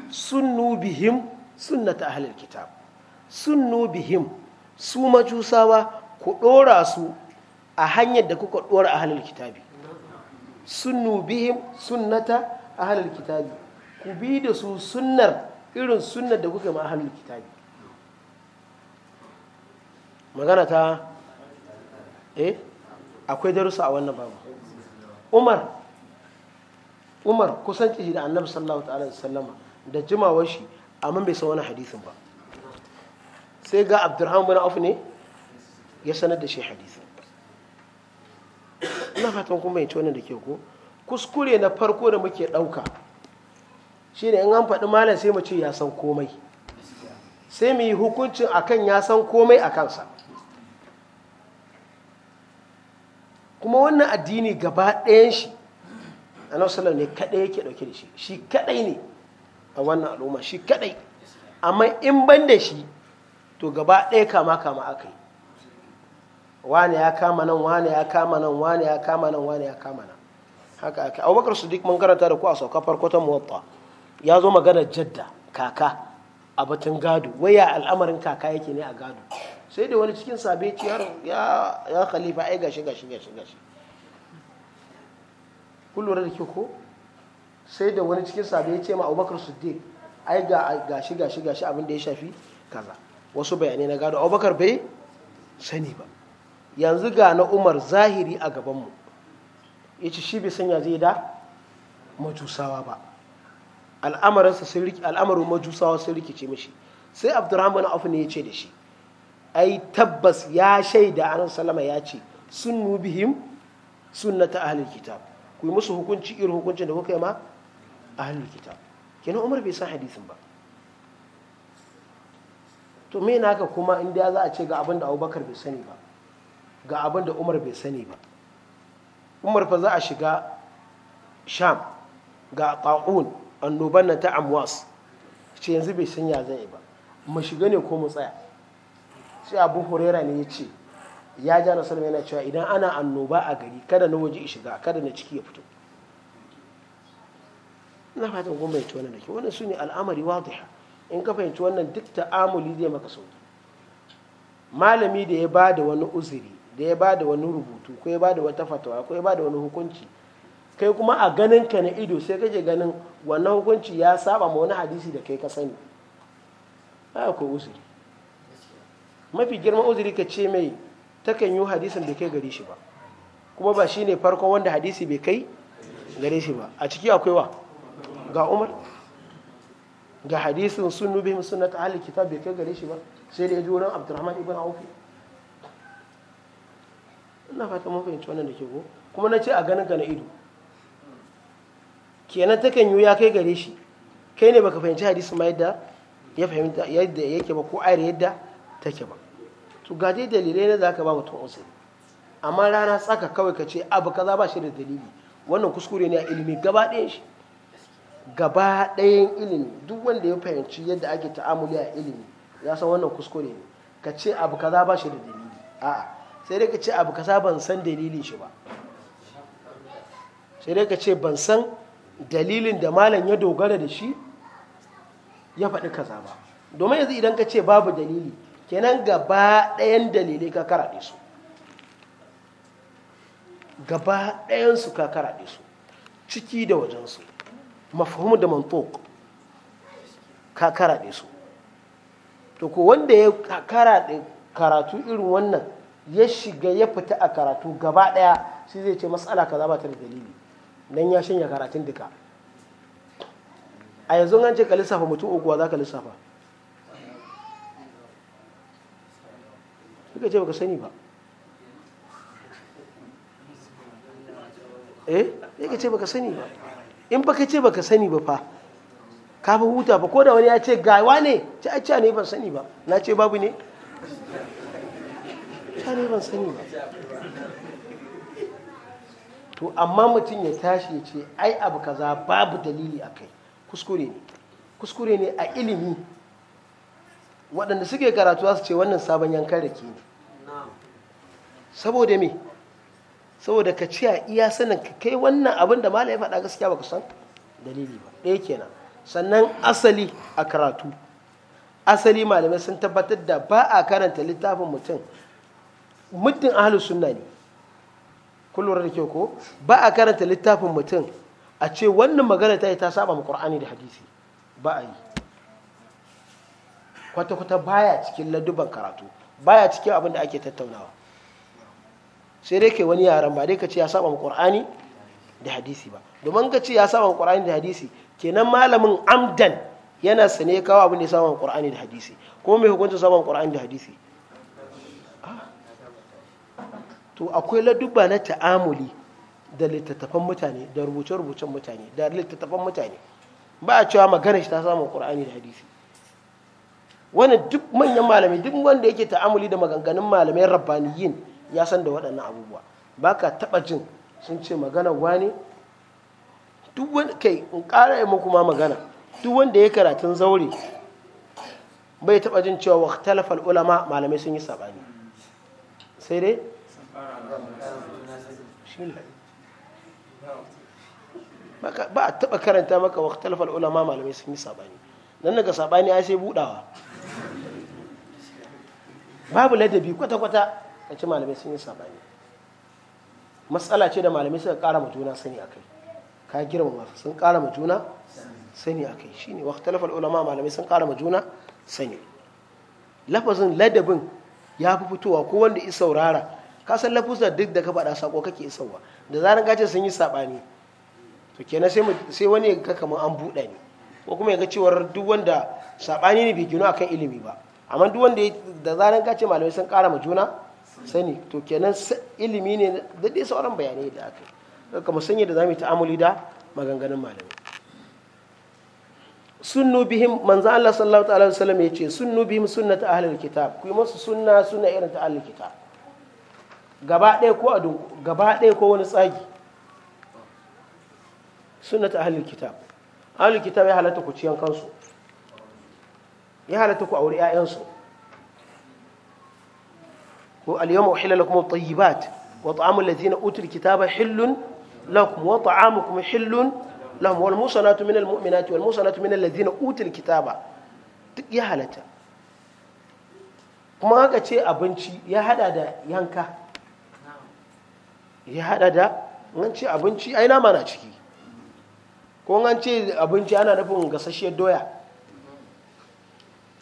A: sunnu bihim sunnata ahlil kitab sunnu bihim su majusawa ku ɗora su a hanyar da kuka ɗora ahlil kitabi sunnu bihim sunnata ahlil kitabi ku bi da su sunnar irin sunnar da kuka ma ahlul kitabi magana ta eh akwai darussa a wannan babu umar umar kusanci shi da annabi sallallahu ta'ala da sallama da jimawar shi amma bai san wani hadisin ba sai ga abdurrahman bin auf ne ya sanar da shi hadisin ina fatan kuma yace wannan da ke ko kuskure na farko da muke ɗauka ne in an faɗi malam sai mu ce ya san komai sai mu yi hukuncin akan ya san komai a kansa kuma wannan addini gaba ɗayan shi annabi sallallahu ne kaɗai yake ɗauke da shi shi kaɗai ne a wannan al'umma shi kaɗai amma in ban da shi to gaba ɗaya kama kama aka yi wane ya kama nan wane ya kama nan wane ya kama nan wane ya kama nan haka aka abubakar siddiq mun karanta da ku a sauka farko ta muwatta ya zo magana jadda kaka a batun gado waya al'amarin kaka yake ne a gado sai da wani cikin ya ce ya khalifa ai gashi gashi gashi gashi kun lura da ke ko sai da wani cikin sabi ya ce ma abubakar siddiq ai ga gashi gashi gashi abin da ya shafi kaza wasu bayanai na gado abubakar bai sani ba yanzu ga na umar zahiri a gabanmu ya ce shi bai sanya zai da majusawa ba al'amarinsa sun rike al'amarin majusawa sun rikice mishi sai abdurrahman auf ne ya ce da shi ai tabbas ya shaida anan salama ya ce sunnu bihim sunnata ahlul kitab ku yi musu hukunci irin hukuncin da kuka yi ma ahlul kitab kenan umar bai san hadisin ba to me naka kuma in da za a ce ga abin da abubakar bai sani ba ga abin da umar bai sani ba umar fa za a shiga sham ga ta'un annoban nan ta amwas ce yanzu bai sanya zai ba mu shiga ne ko mu tsaya sai abu huraira ne ya ce ya ja na salama yana cewa idan ana annoba a gari kada na waje shiga kada na ciki ya fito ina fatan kun bai wannan da ke wannan su ne al'amari wadiha in ka fahimci wannan duk ta'amuli zai maka sauki malami da ya ba da wani uzuri da ya ba da wani rubutu ko ya ba da wata fatawa ko ya ba da wani hukunci kai kuma a ganin ka na ido sai kake ganin wannan hukunci ya saba ma wani hadisi da kai ka sani a ko uzuri mafi girman uzuri ka ce mai takan yi hadisin bai kai gare shi ba kuma ba shine farkon wanda hadisi bai kai gare shi ba a ciki akwai wa ga umar ga hadisin sunnu bihim sunnat ahli kitab bai kai gare shi ba sai da ya ji wurin abdurrahman ibn aufi ina fata mun fahimci wannan da ke go kuma na ce a ganin ka na ido kenan ta yi ya kai gare shi kai ne baka fahimci hadisi ma yadda ya fahimta yadda yake ba ko ayar yadda take ba to ga dai dalilai ne zaka ba mutum usul amma rana tsaka kawai ka ce abu kaza ba shi da dalili wannan kuskure ne a ilimi gaba ɗayan shi gaba ɗayan ilimi duk wanda ya fahimci yadda ake ta'amuli a ilimi ya san wannan kuskure ne ka ce abu kaza ba shi da dalili a'a sai dai ka ce abu kaza ban san dalilin shi ba sai dai ka ce ban san dalilin da malam ya dogara da shi ya faɗi kaza ba domin yanzu idan ka ce babu dalili kenan gaba ɗayan dalilai ka karaɗe su gaba ɗayansu ka karaɗe su ciki da wajensu mafahimu da mantok ka karaɗe su to ko wanda ya karaɗe karatu irin wannan ya shiga ya fita a karatu gaba ɗaya shi zai ce matsala ka ba ta da dalili Nan ya shanya karatun duka a yanzu an ce ka lissafa mutum uku za ka lissafa suka ce ka sani ba eh ka ce ka sani ba in ka ce ka sani ba fa ka fi huta ba ko da wani ya ce gawa ne ci acca ne ban sani ba na ce babu ne ta ne ban sani ba to amma mutum ya tashi ya ce ai abu kaza babu dalili a kai kuskure ne kuskure ne a ilimi waɗanda suke karatu su ce wannan sabon da ke ne saboda me saboda ka ce iya sanin ka kai wannan abin da malaya faɗa gaskiya baka san dalili ba ɗaya kenan sannan asali a karatu asali malamai sun tabbatar da ba a karanta littafin mutum muddin ahalus sunna ne kun lura da kyau ko ba a karanta littafin mutum a ce wannan magana ta yi ta saba ma qur'ani da hadisi ba a yi kwata-kwata baya cikin laduban karatu baya cikin abin da ake tattaunawa sai dai kai wani yaran ba dai ka ce ya saba ma qur'ani da hadisi ba domin ka ce ya saba ma qur'ani da hadisi kenan malamin amdan yana sane kawo abin da ya saba ma qur'ani da hadisi kuma mai hukuncin saba ma qur'ani da hadisi to akwai ladubba na ta'amuli da littattafan mutane da rubuce-rubucen mutane da littattafan mutane ba a cewa magana shi ta samun qur'ani da hadisi wani duk manyan malami duk wanda yake ta'amuli da maganganun malamai rabbaniyin ya san da waɗannan abubuwa ba ka taɓa jin sun ce magana wani duk wani kai in ƙara yi muku ma magana duk wanda ya karatun zaure bai taɓa jin cewa wa talafal ulama malamai sun yi saɓani sai dai ba a taɓa karanta maka wa talafal ulama malamai sun yi sabani don daga sabani ai sai budawa babu ladabi kwata-kwata a ce malamai sun yi sabani matsala ce da malamai suka ƙara juna sani a kai ka girmama sun ƙara juna sani a kai shine wa talafal ulama malamai sun ƙara juna sani lafazin ladabin ya fi fitowa ko wanda ya saurara ka san lafusar duk da ka faɗa sako kake sauwa da zaran ka ce sun yi saɓani to kenan sai wani ya ga kamar an buɗe ne ko kuma ya ga cewar duk wanda saɓani ne bai gino akan ilimi ba amma duk wanda da zaran ka ce malamai sun ƙara ma juna sani to kenan ilimi ne da dai sauran bayanai da aka yi kamar sanya da zamu yi ta'amuli da maganganun malamai sunnu bihim manzo Allah sallallahu alaihi wasallam yace sunnu bihim sunnat ahlul kitab ku yi musu sunna sunna irin ta ahlul kitab gaba ɗaya ko a gaba ɗaya ko wani tsagi sunnata ahlul kitab ahlul kitab ya halatta ku ciyan kansu ya halatta ku auri 'ya'yansu ko al-yawma uhilla lakum at-tayyibat wa ta'amul ladzina utul kitaba hillun lakum wa kuma hillun lahum wal na minal mu'minati wal na minal ladzina utul kitaba duk ya halatta kuma haka ce abinci ya hada da yanka ya hada da an ce abinci ai nama na ciki ko an ce abinci ana nufin gasasshen doya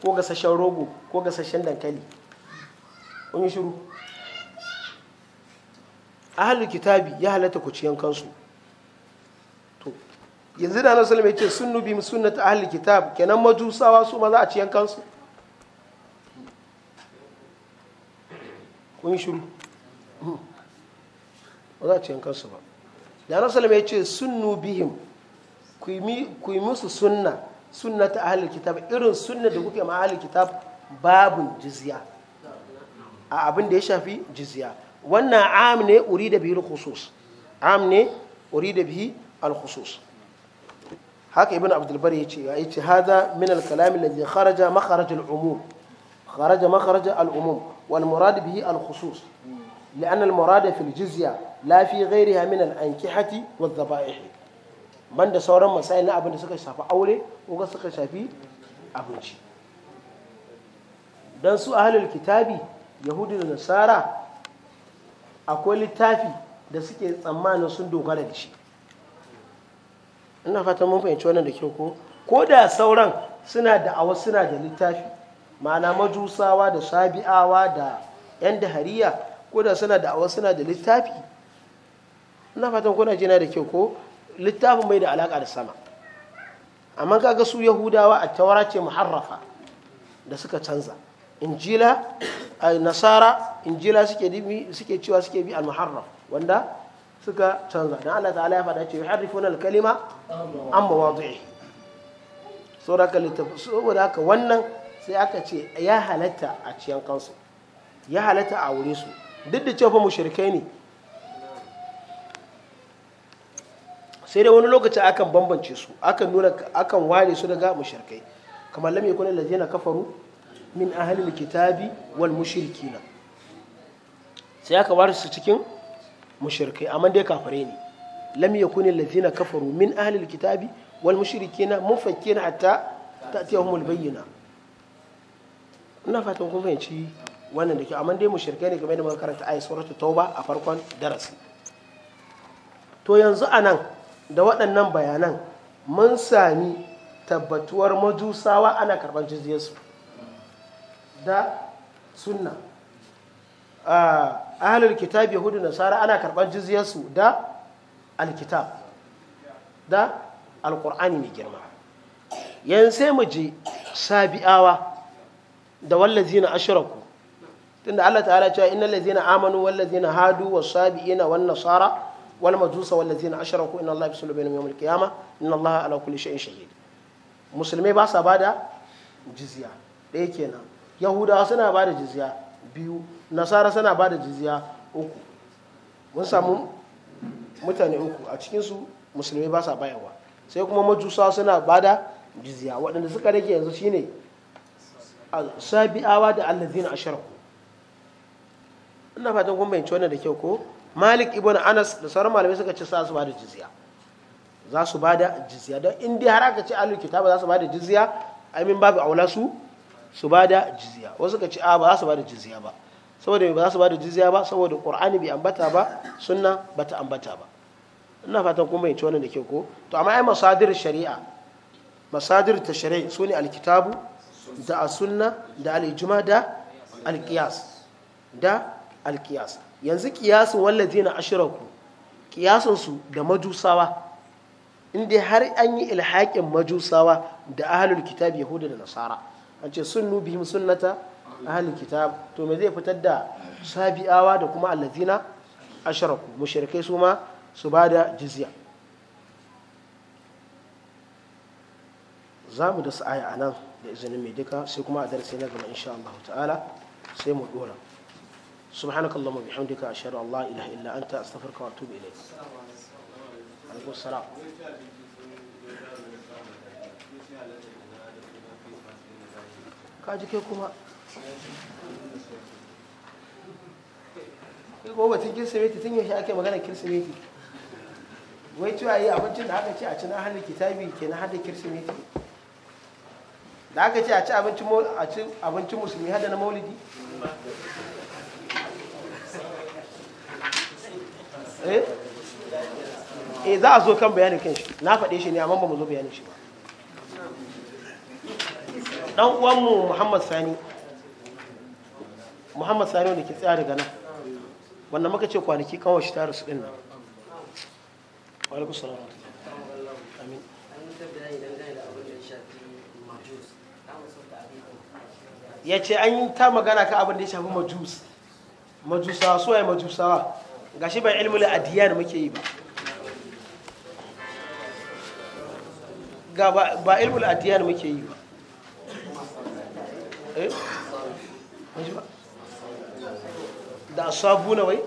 A: ko gasashen rogo ko gasashen dankali kun yi shiru ahalu kitabi ya halatta ku ciyan kansu to yanzu da annabi sallallahu alaihi wasallam yace sunnu bi sunnati ahli kitab kenan majusawa su ma za a ciyan kansu kun yi shiru hmm. ba za a ci yankansu ba da na ya ce sunnu bihim ku yi musu sunna sunna ta ahalar kitab irin sunna da kuke ma ahalar kitab babun jizya a abin da ya shafi jizya wannan am ne uri da bihi khusus am ne uri da bihi al-khusus haka ibn abdulbar ya ce ya ce hada min al-kalam alladhi kharaja makharaj al-umum kharaja makharaj al-umum wal murad bihi al-khusus لأن المراد في lafiya لا في غيرها من الأنكحة والذبائح من da sauran masail na abin da suka shafi aure ko suka shafi abinci dan su ahlul kitabi yahudu da nasara akwai littafi da suke tsammanin sun dogara da shi ina fatan mun fahimci wannan da kyau ko da sauran suna da awa suna da littafi ma'ana majusawa da sabi'awa da yan dahariya ko da suna da awa suna da littafi na fatan kuna jina da kyau ko littafin bai da alaka da sama amma kaga su yahudawa a tawara ce muharrafa da suka canza injila a nasara injila suke cewa suke bi al-muharraf wanda suka canza dan Allah ta'ala ya faɗa ce yuharrifuna al-kalima
B: an mawadi'i
A: saboda littafi saboda haka wannan sai aka ce ya halatta a ciyan kansu ya halatta a wuri su duk da cewa mushrikai ne sai dai wani lokaci akan bambance su akan nuna akan ware su daga mushrikai kamar lam yakun allazina kafaru min ahli alkitabi wal mushrikina sai aka ware su cikin mushrikai amma dai kafare ne lam yakun allazina kafaru min ahli alkitabi wal mushrikina mufakkina hatta ta'tiyahum albayyina ina fatan kun fahimci wannan da kyau amma dai mushrikai ne game da muka karanta ayat suratul tauba a farkon darasi to yanzu anan da waɗannan bayanan mun sami tabbatuwar majusawa ana karɓar su da sunna a ahalar kitab yahudu nasara ana karɓar su da alkitab da alƙur'ani mai girma yanzu sai mu je sabi'awa da wallazi na ashiraku tunda Allah ta'ala cewa innal ladzina amanu wal ladzina hadu was sabiina wan nasara wal majusa wal ladzina ashraku inna Allah yafsulu bainahum yawm al qiyamah inna Allah ala kulli shay'in shahid musulmai ba sa bada jizya ɗaya kenan yahudawa suna bada jizya biyu nasara suna bada jizya uku mun samu mutane uku a cikinsu musulmai ba sa bayarwa sai kuma majusa suna bada jizya waɗanda suka rage yanzu shine sabi'awa da allazina ashraku ina fatan kun bayyance wannan da kyau ko malik ibn anas da sauran malamai suka ce za su bada jizya za su bada jizya don in dai har aka ce alul kitaba za su bada jizya ai min babu aula su su bada jizya wasu suka ce a ba za su bada jizya ba saboda ba za su bada jizya ba saboda qur'ani bai ambata ba sunna bata ambata ba ina fatan kun bayyance wannan da kyau ko to amma ai masadir shari'a masadir tashri' sune alkitabu da as-sunna da al da al da alkiyas yanzu kiyasin wallazi na ashiraku kiyasinsu da majusawa inda har an yi ilhaƙin majusawa da ahalul kitab yahuda da nasara an ce sunnu bihim sunnata ahalul kitab to me zai fitar da sabi'awa da kuma allazina asharaku mushrikai su ma su ba da jizya za mu da sa'aya a nan da izinin mai duka sai kuma a darasi na gaba insha Allah ta'ala sai mu dora سبحانك اللهم وبحمدك أشهد أن لا إله إلا أنت أستغفرك وأتوب إليك عليكم السلام kaji ke kuma ke kuma batun kirsimeti tun yaushe ake magana kirsimeti wai cewa yi abincin da aka ce a cin ahalin kitabi ke na hada kirsimeti da aka ce a ci abincin musulmi hada na maulidi Eh? eh za a zo kan bayanin kan shi na faɗe shi ne amma ba mu zo bayanin shi ba ɗan uwanmu muhammad sani muhammad sani wanda ke tsaya daga nan wanda muka ce kwanaki kan shi ta rasu ɗin nan ya ce an yi ta magana ka abin da ya shafi majus majusawa suwaye majusawa gashi ba la adiyar muke yi ba ga ba la adiyar muke yi ba eh da sabu na wai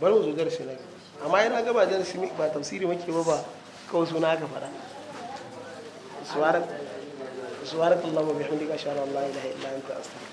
A: bari mu zo darasi na amma yana gaba darasi ba tafsiri muke ba ba kawai suna ka fara سبحانك اللهم وبحمدك اشهد ان لا اله الا انت استغفرك